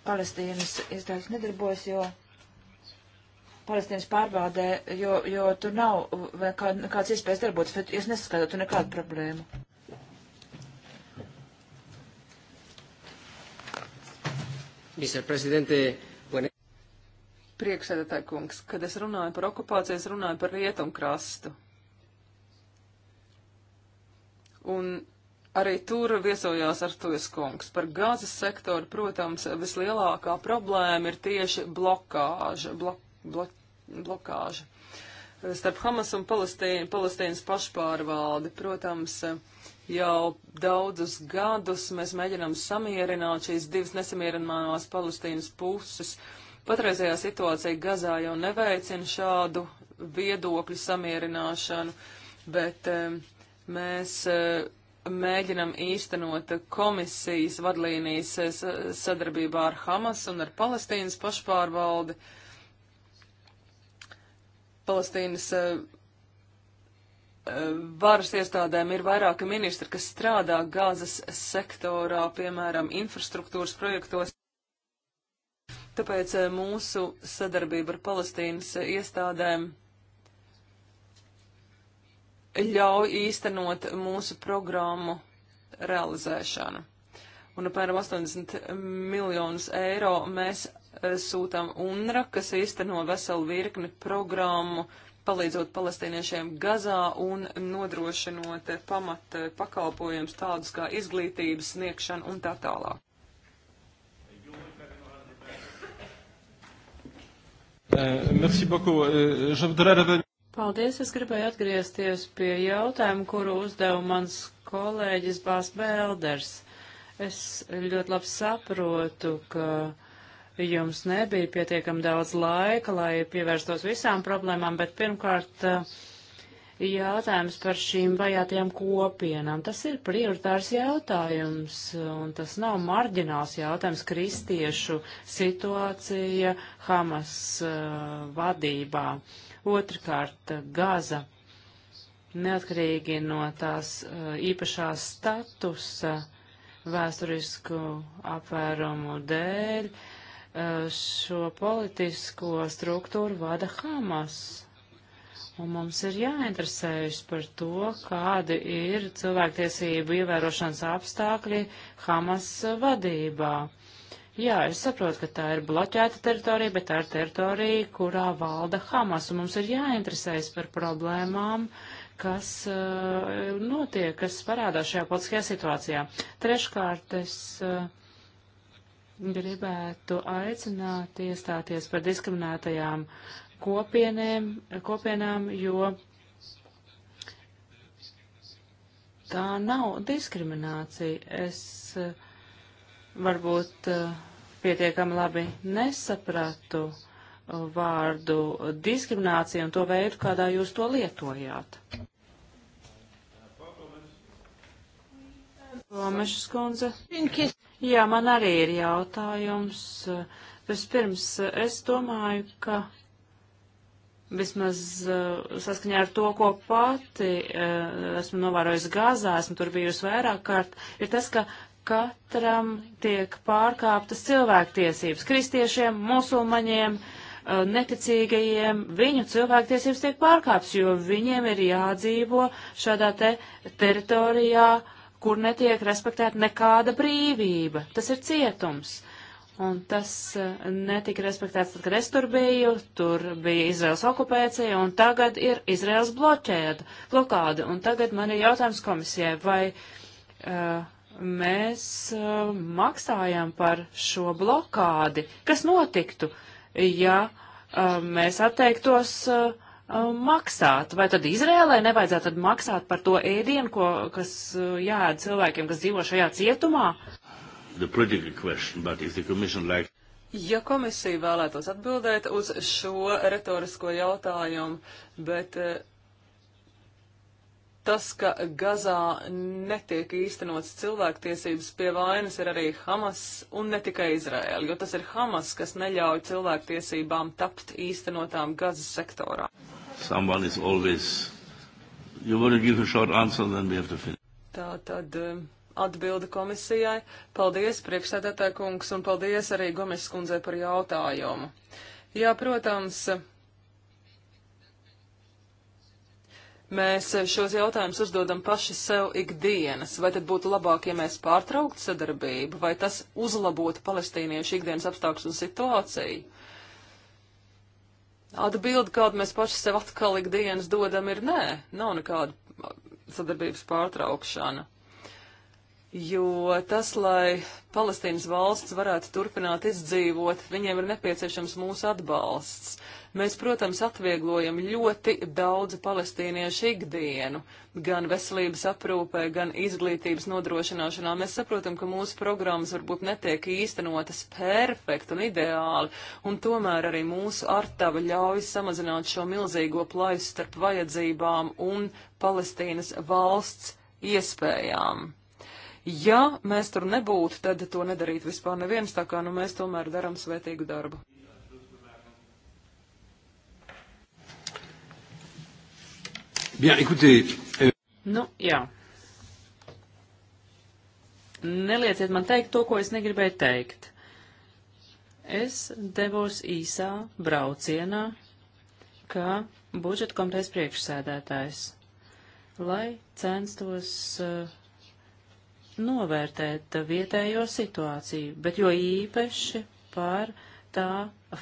Speaker 2: Palestīnas izdeļas nedarbojas, jo Palestīnas pārbaudē, jo, jo tur nav kā, kāds iespējas darboties, bet es nesaskatu tur nekādu problēmu.
Speaker 4: Priekšsēdētāji kungs, kad es runāju par okupāciju, es runāju par rietumkrastu. Un Arī tur viesojās Artujas kungs. Par gāzes sektoru, protams, vislielākā problēma ir tieši blokāža, blo, blo, blokāža starp Hamas un Palestīnu, Palestīnas pašpārvaldi. Protams, jau daudzus gadus mēs mēģinām samierināt šīs divas nesamierinājumās Palestīnas puses. Patreizējā situācija Gazā jau neveicina šādu viedokļu samierināšanu, bet eh, mēs eh, mēģinam īstenot komisijas vadlīnijas sadarbībā ar Hamas un ar Palestīnas pašpārvaldi. Palestīnas e, e, varas iestādēm ir vairāki ministri, kas strādā gāzes sektorā, piemēram, infrastruktūras projektos. Tāpēc e, mūsu sadarbība ar Palestīnas iestādēm ļauj īstenot mūsu programmu realizēšanu. Un apmēram 80 miljonus eiro mēs e, sūtām UNRA, kas īsteno veselu virkni programmu, palīdzot palestīniešiem Gazā un nodrošinot pamat e, pakalpojums tādus kā izglītības sniegšana un tā tālāk.
Speaker 1: Uh, merci beaucoup. Uh, je voudrais revenir.
Speaker 3: Paldies, es gribēju atgriezties pie jautājuma, kuru uzdeva mans kolēģis Bās Bēlders. Es ļoti labi saprotu, ka jums nebija pietiekam daudz laika, lai pievērstos visām problēmām, bet pirmkārt eh, jautājums par šīm vajātajām kopienām. Tas ir prioritārs jautājums, un tas nav marģināls jautājums kristiešu situācija Hamas uh, vadībā. Uh, Otrakārt, Gaza, neatkarīgi no tās uh, īpašā statusa vēsturisku apvērumu dēļ, uh, šo politisko struktūru vada Hamas. Un mums ir jāinteresējas par to, kādi ir cilvēktiesību ievērošanas apstākļi Hamas vadībā. Jā, es saprotu, ka tā ir bloķēta teritorija, bet tā ir teritorija, kurā valda Hamas, un mums ir jāinteresējas par problēmām, kas uh, notiek, kas parādās šajā politiskajā situācijā. Treškārt, es uh, gribētu aicināt iestāties par diskriminētajām kopienēm, kopienām, jo tā nav diskriminācija. Es, uh, varbūt eh, pietiekami labi nesapratu eh, vārdu diskriminācija un to veidu, kādā jūs to lietojāt. Lomešas kundze. Jā, man arī ir jautājums. Vispirms, eh, es domāju, ka vismaz saskaņā ar to, ko pati esmu novērojusi Gazā, esmu tur bijusi vairāk kārt, ir tas, ka katram tiek pārkāptas cilvēktiesības. Kristiešiem, musulmaņiem, eh, neticīgajiem, viņu cilvēktiesības tiek pārkāptas, jo viņiem ir jādzīvo šādā te teritorijā, kur netiek respektēta nekāda brīvība. Tas ir cietums. Un tas eh, netika respektēts, tad, kad es tur biju, tur bija Izraels okupācija, un tagad ir Izraels bloķēda, blokāda. Un tagad man ir jautājums komisijai, vai uh, mēs uh, maksājam par šo blokādi. Kas notiktu, ja uh, mēs atteiktos uh, maksāt? Vai tad Izrēlē nevajadzētu tad maksāt par to ēdienu, ko, kas uh,
Speaker 4: jāēd cilvēkiem, kas dzīvo šajā cietumā?
Speaker 1: Question, like...
Speaker 4: Ja komisija vēlētos atbildēt uz šo retorisko jautājumu, bet uh, Tas, ka Gazā netiek īstenots cilvēktiesības pie vainas, ir arī Hamas un ne tikai Izraēla, jo tas ir Hamas, kas neļauj cilvēktiesībām tapt īstenotām Gazas sektorā.
Speaker 1: Always... Answer,
Speaker 4: Tā tad um, atbilda komisijai. Paldies, priekšsēdētāj kungs, un paldies arī Gomes skundzei par jautājumu. Jā, protams, Mēs šos jautājumus uzdodam paši sev ikdienas. Vai tad būtu labāk, ja mēs pārtrauktu sadarbību, vai tas uzlabotu palestīniešu ikdienas apstākļus un situāciju? Atbildi, kādu mēs paši sev atkal ikdienas dodam, ir nē, nav nekāda sadarbības pārtraukšana. Jo tas, lai Palestīnas valsts varētu turpināt izdzīvot, viņiem ir nepieciešams mūsu atbalsts. Mēs, protams, atvieglojam ļoti daudzu palestīniešu ikdienu, gan veselības aprūpē, gan izglītības nodrošināšanā. Mēs saprotam, ka mūsu programmas varbūt netiek īstenotas perfekti un ideāli, un tomēr arī mūsu artava ļauj samazināt šo milzīgo plaisu starp vajadzībām un Palestīnas valsts iespējām. Ja mēs tur nebūtu, tad to nedarītu vispār neviens, tā kā nu, mēs tomēr darām svētīgu darbu. Bien, écoutez. Euh... Nu, jā.
Speaker 3: Nelieciet man teikt to, ko es negribēju teikt. Es devos īsā braucienā, kā budžeta komitejas priekšsēdētājs, lai censtos uh, novērtēt vietējo situāciju, bet jo īpaši par tā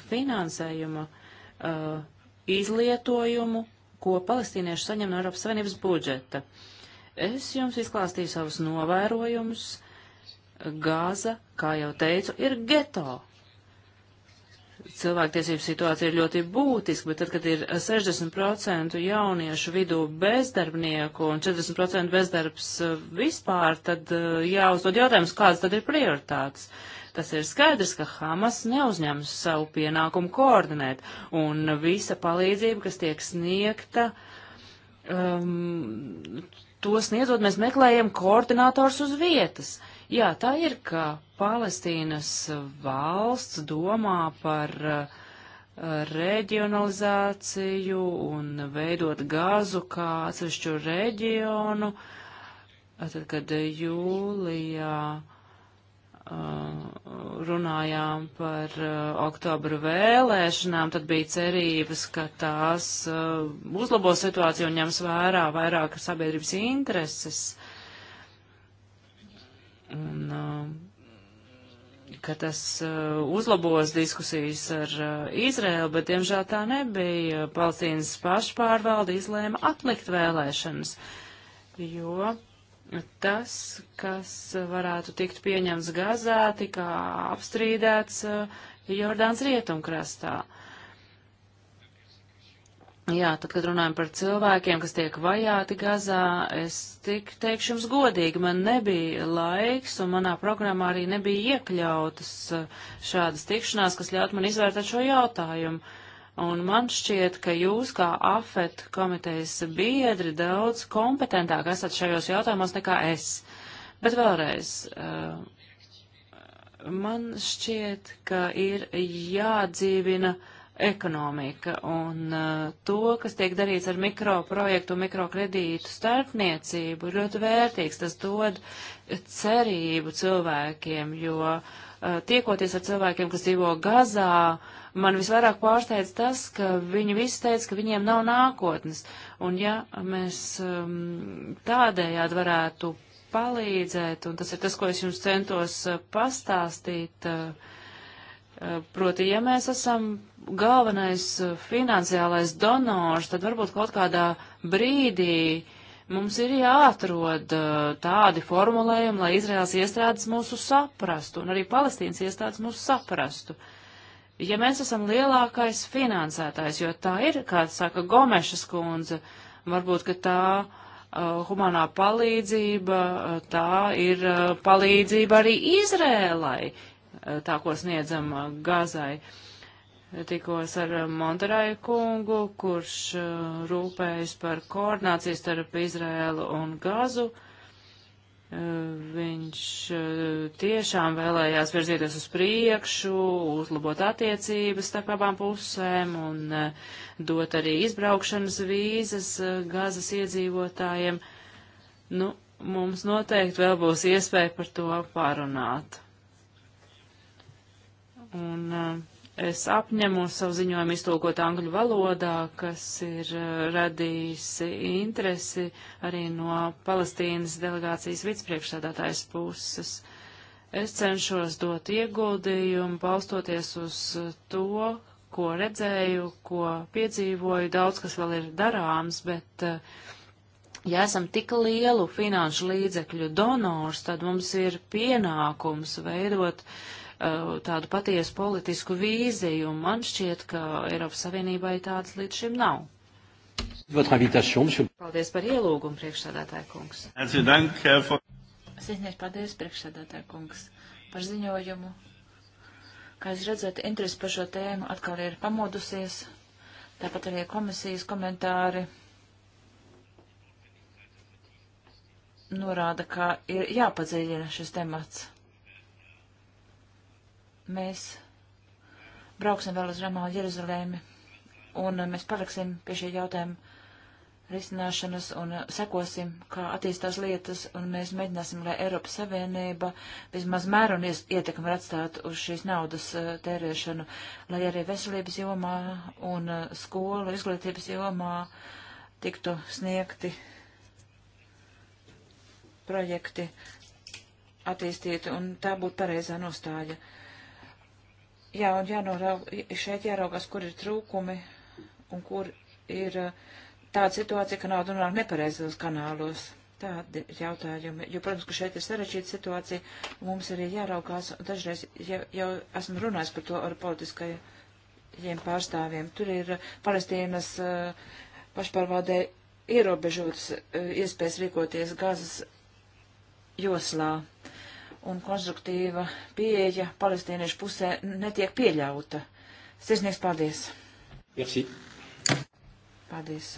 Speaker 3: finansējuma uh, izlietojumu ko palestīnieši saņem no Eiropas Savienības budžeta. Es jums izklāstīju savus novērojumus. Gāza, kā jau teicu, ir geto. Cilvēktiesību situācija ir ļoti būtiska, bet tad, kad ir 60% jauniešu vidū bezdarbnieku un 40% bezdarbs eh, vispār, tad eh, jāuzdod jautājums, kādas tad ir prioritātes. Uh, Tas ir skaidrs, ka Hamas neuzņems savu pienākumu koordinēt, un visa palīdzība, kas tiek sniegta, um, to sniedzot, mēs meklējam koordinātors uz vietas. Jā, tā ir, ka Palestīnas valsts domā par uh, reģionalizāciju un veidot gāzu kā atsevišķu reģionu. Tad, kad jūlijā uh, Uh, runājām par uh, oktobra vēlēšanām, tad bija cerības, ka tās uh, uzlabos situāciju un ņems vērā vairāk sabiedrības intereses. Un, ka tas uzlabos diskusijas ar Izraēlu, bet diemžēl tā nebija. Palestīnas pašpārvalde izlēma atlikt vēlēšanas, jo tas, kas varētu tikt pieņemts Gazā, tika apstrīdēts eh, Jordāns rietumkrastā. Jā, tad, kad runājam par cilvēkiem, kas tiek vajāti Gazā, es tik teikšu jums godīgi, man nebija laiks un manā programmā arī nebija iekļautas eh, šādas tikšanās, kas ļaut man izvērtēt šo jautājumu. Uh, Un man šķiet, ka jūs kā AFET komitejas biedri daudz kompetentāk esat šajos jautājumos nekā es. Bet vēlreiz, eh, man šķiet, ka ir jādzīvina ekonomika un eh, to, kas tiek darīts ar mikroprojektu, mikrokredītu starpniecību, ir ļoti vērtīgs. Tas dod cerību cilvēkiem, jo eh, tiekoties ar cilvēkiem, kas dzīvo Gazā, uh, Man visvairāk pārsteidz tas, ka viņi visi teica, ka viņiem nav nākotnes. Un ja mēs um, tādējādi varētu palīdzēt, un tas ir tas, ko es jums centos uh, pastāstīt, uh, uh, proti, ja mēs esam galvenais finansiālais donors, tad varbūt kaut kādā brīdī mums ir jāatrod tādi formulējumi, lai Izraels iestrādes mūsu saprastu, un arī Palestīnas iestrādes mūsu saprastu. Uh, ja mēs esam lielākais finansētājs, jo tā ir, kā saka Gomešas kundze, varbūt, ka tā uh, humanā palīdzība, uh, tā ir uh, palīdzība arī Izrēlai, uh, tā, ko sniedzam uh, Gazai. Tikos ar Monterāju kungu, kurš rūpējas par koordināciju starp Izrēlu un Gazu. Uh, Viņš eh, tiešām vēlējās virzīties uz priekšu, uzlabot attiecības starp abām pusēm un eh, dot arī izbraukšanas vīzas eh, gazas iedzīvotājiem. Nu, mums noteikti vēl būs iespēja par to parunāt. Un Es apņemu savu ziņojumu iztulkot angļu valodā, kas ir uh, radījis interesi arī no Palestīnas delegācijas vicepriekšsēdātājas puses. Es cenšos dot ieguldījumu, balstoties uz uh, to, ko redzēju, ko piedzīvoju, daudz kas vēl ir darāms, bet uh, ja esam tik lielu finanšu līdzekļu donors, tad mums ir pienākums veidot uh, Uh, tādu patiesu politisku vīziju, un man šķiet, ka Eiropas Savienībai tādas līdz šim nav.
Speaker 1: Paldies
Speaker 3: par ielūgumu, priekšsādātāja kungs.
Speaker 1: Sīsnieks,
Speaker 2: paldies, priekšsādātāja kungs, par ziņojumu. Kā jūs redzat, interesi par šo tēmu atkal ir pamodusies, tāpat arī komisijas komentāri norāda, ka ir jāpadziļina šis temats mēs brauksim vēl uz Ramālu Jeruzalēmi un mēs paliksim pie šī jautājuma risināšanas un sekosim, kā attīstās lietas, un mēs mēģināsim, lai Eiropas Savienība vismaz mēru un ietekmi var atstāt uz šīs naudas eh, tērēšanu, lai arī veselības jomā un eh, skolu izglītības jomā tiktu sniegti projekti attīstīti, un tā būtu pareizā nostāja. Uh, Jā, un jānoraug, šeit jāraugās, kur ir trūkumi un kur ir uh, tāda situācija, ka nauda nonāk nepareizos kanālos. Tādi jautājumi, jo, protams, ka šeit ir sarežģīta situācija, mums arī jāraukās, dažreiz jau, jau esmu runājis par to ar politiskajiem pārstāvjiem. Tur ir Palestīnas uh, pašpārvaldē ierobežotas uh, iespējas rīkoties gazas joslā un konstruktīva pieeja palestīniešu pusē netiek pieļauta. Sirsnieks, paldies! Merci. Paldies!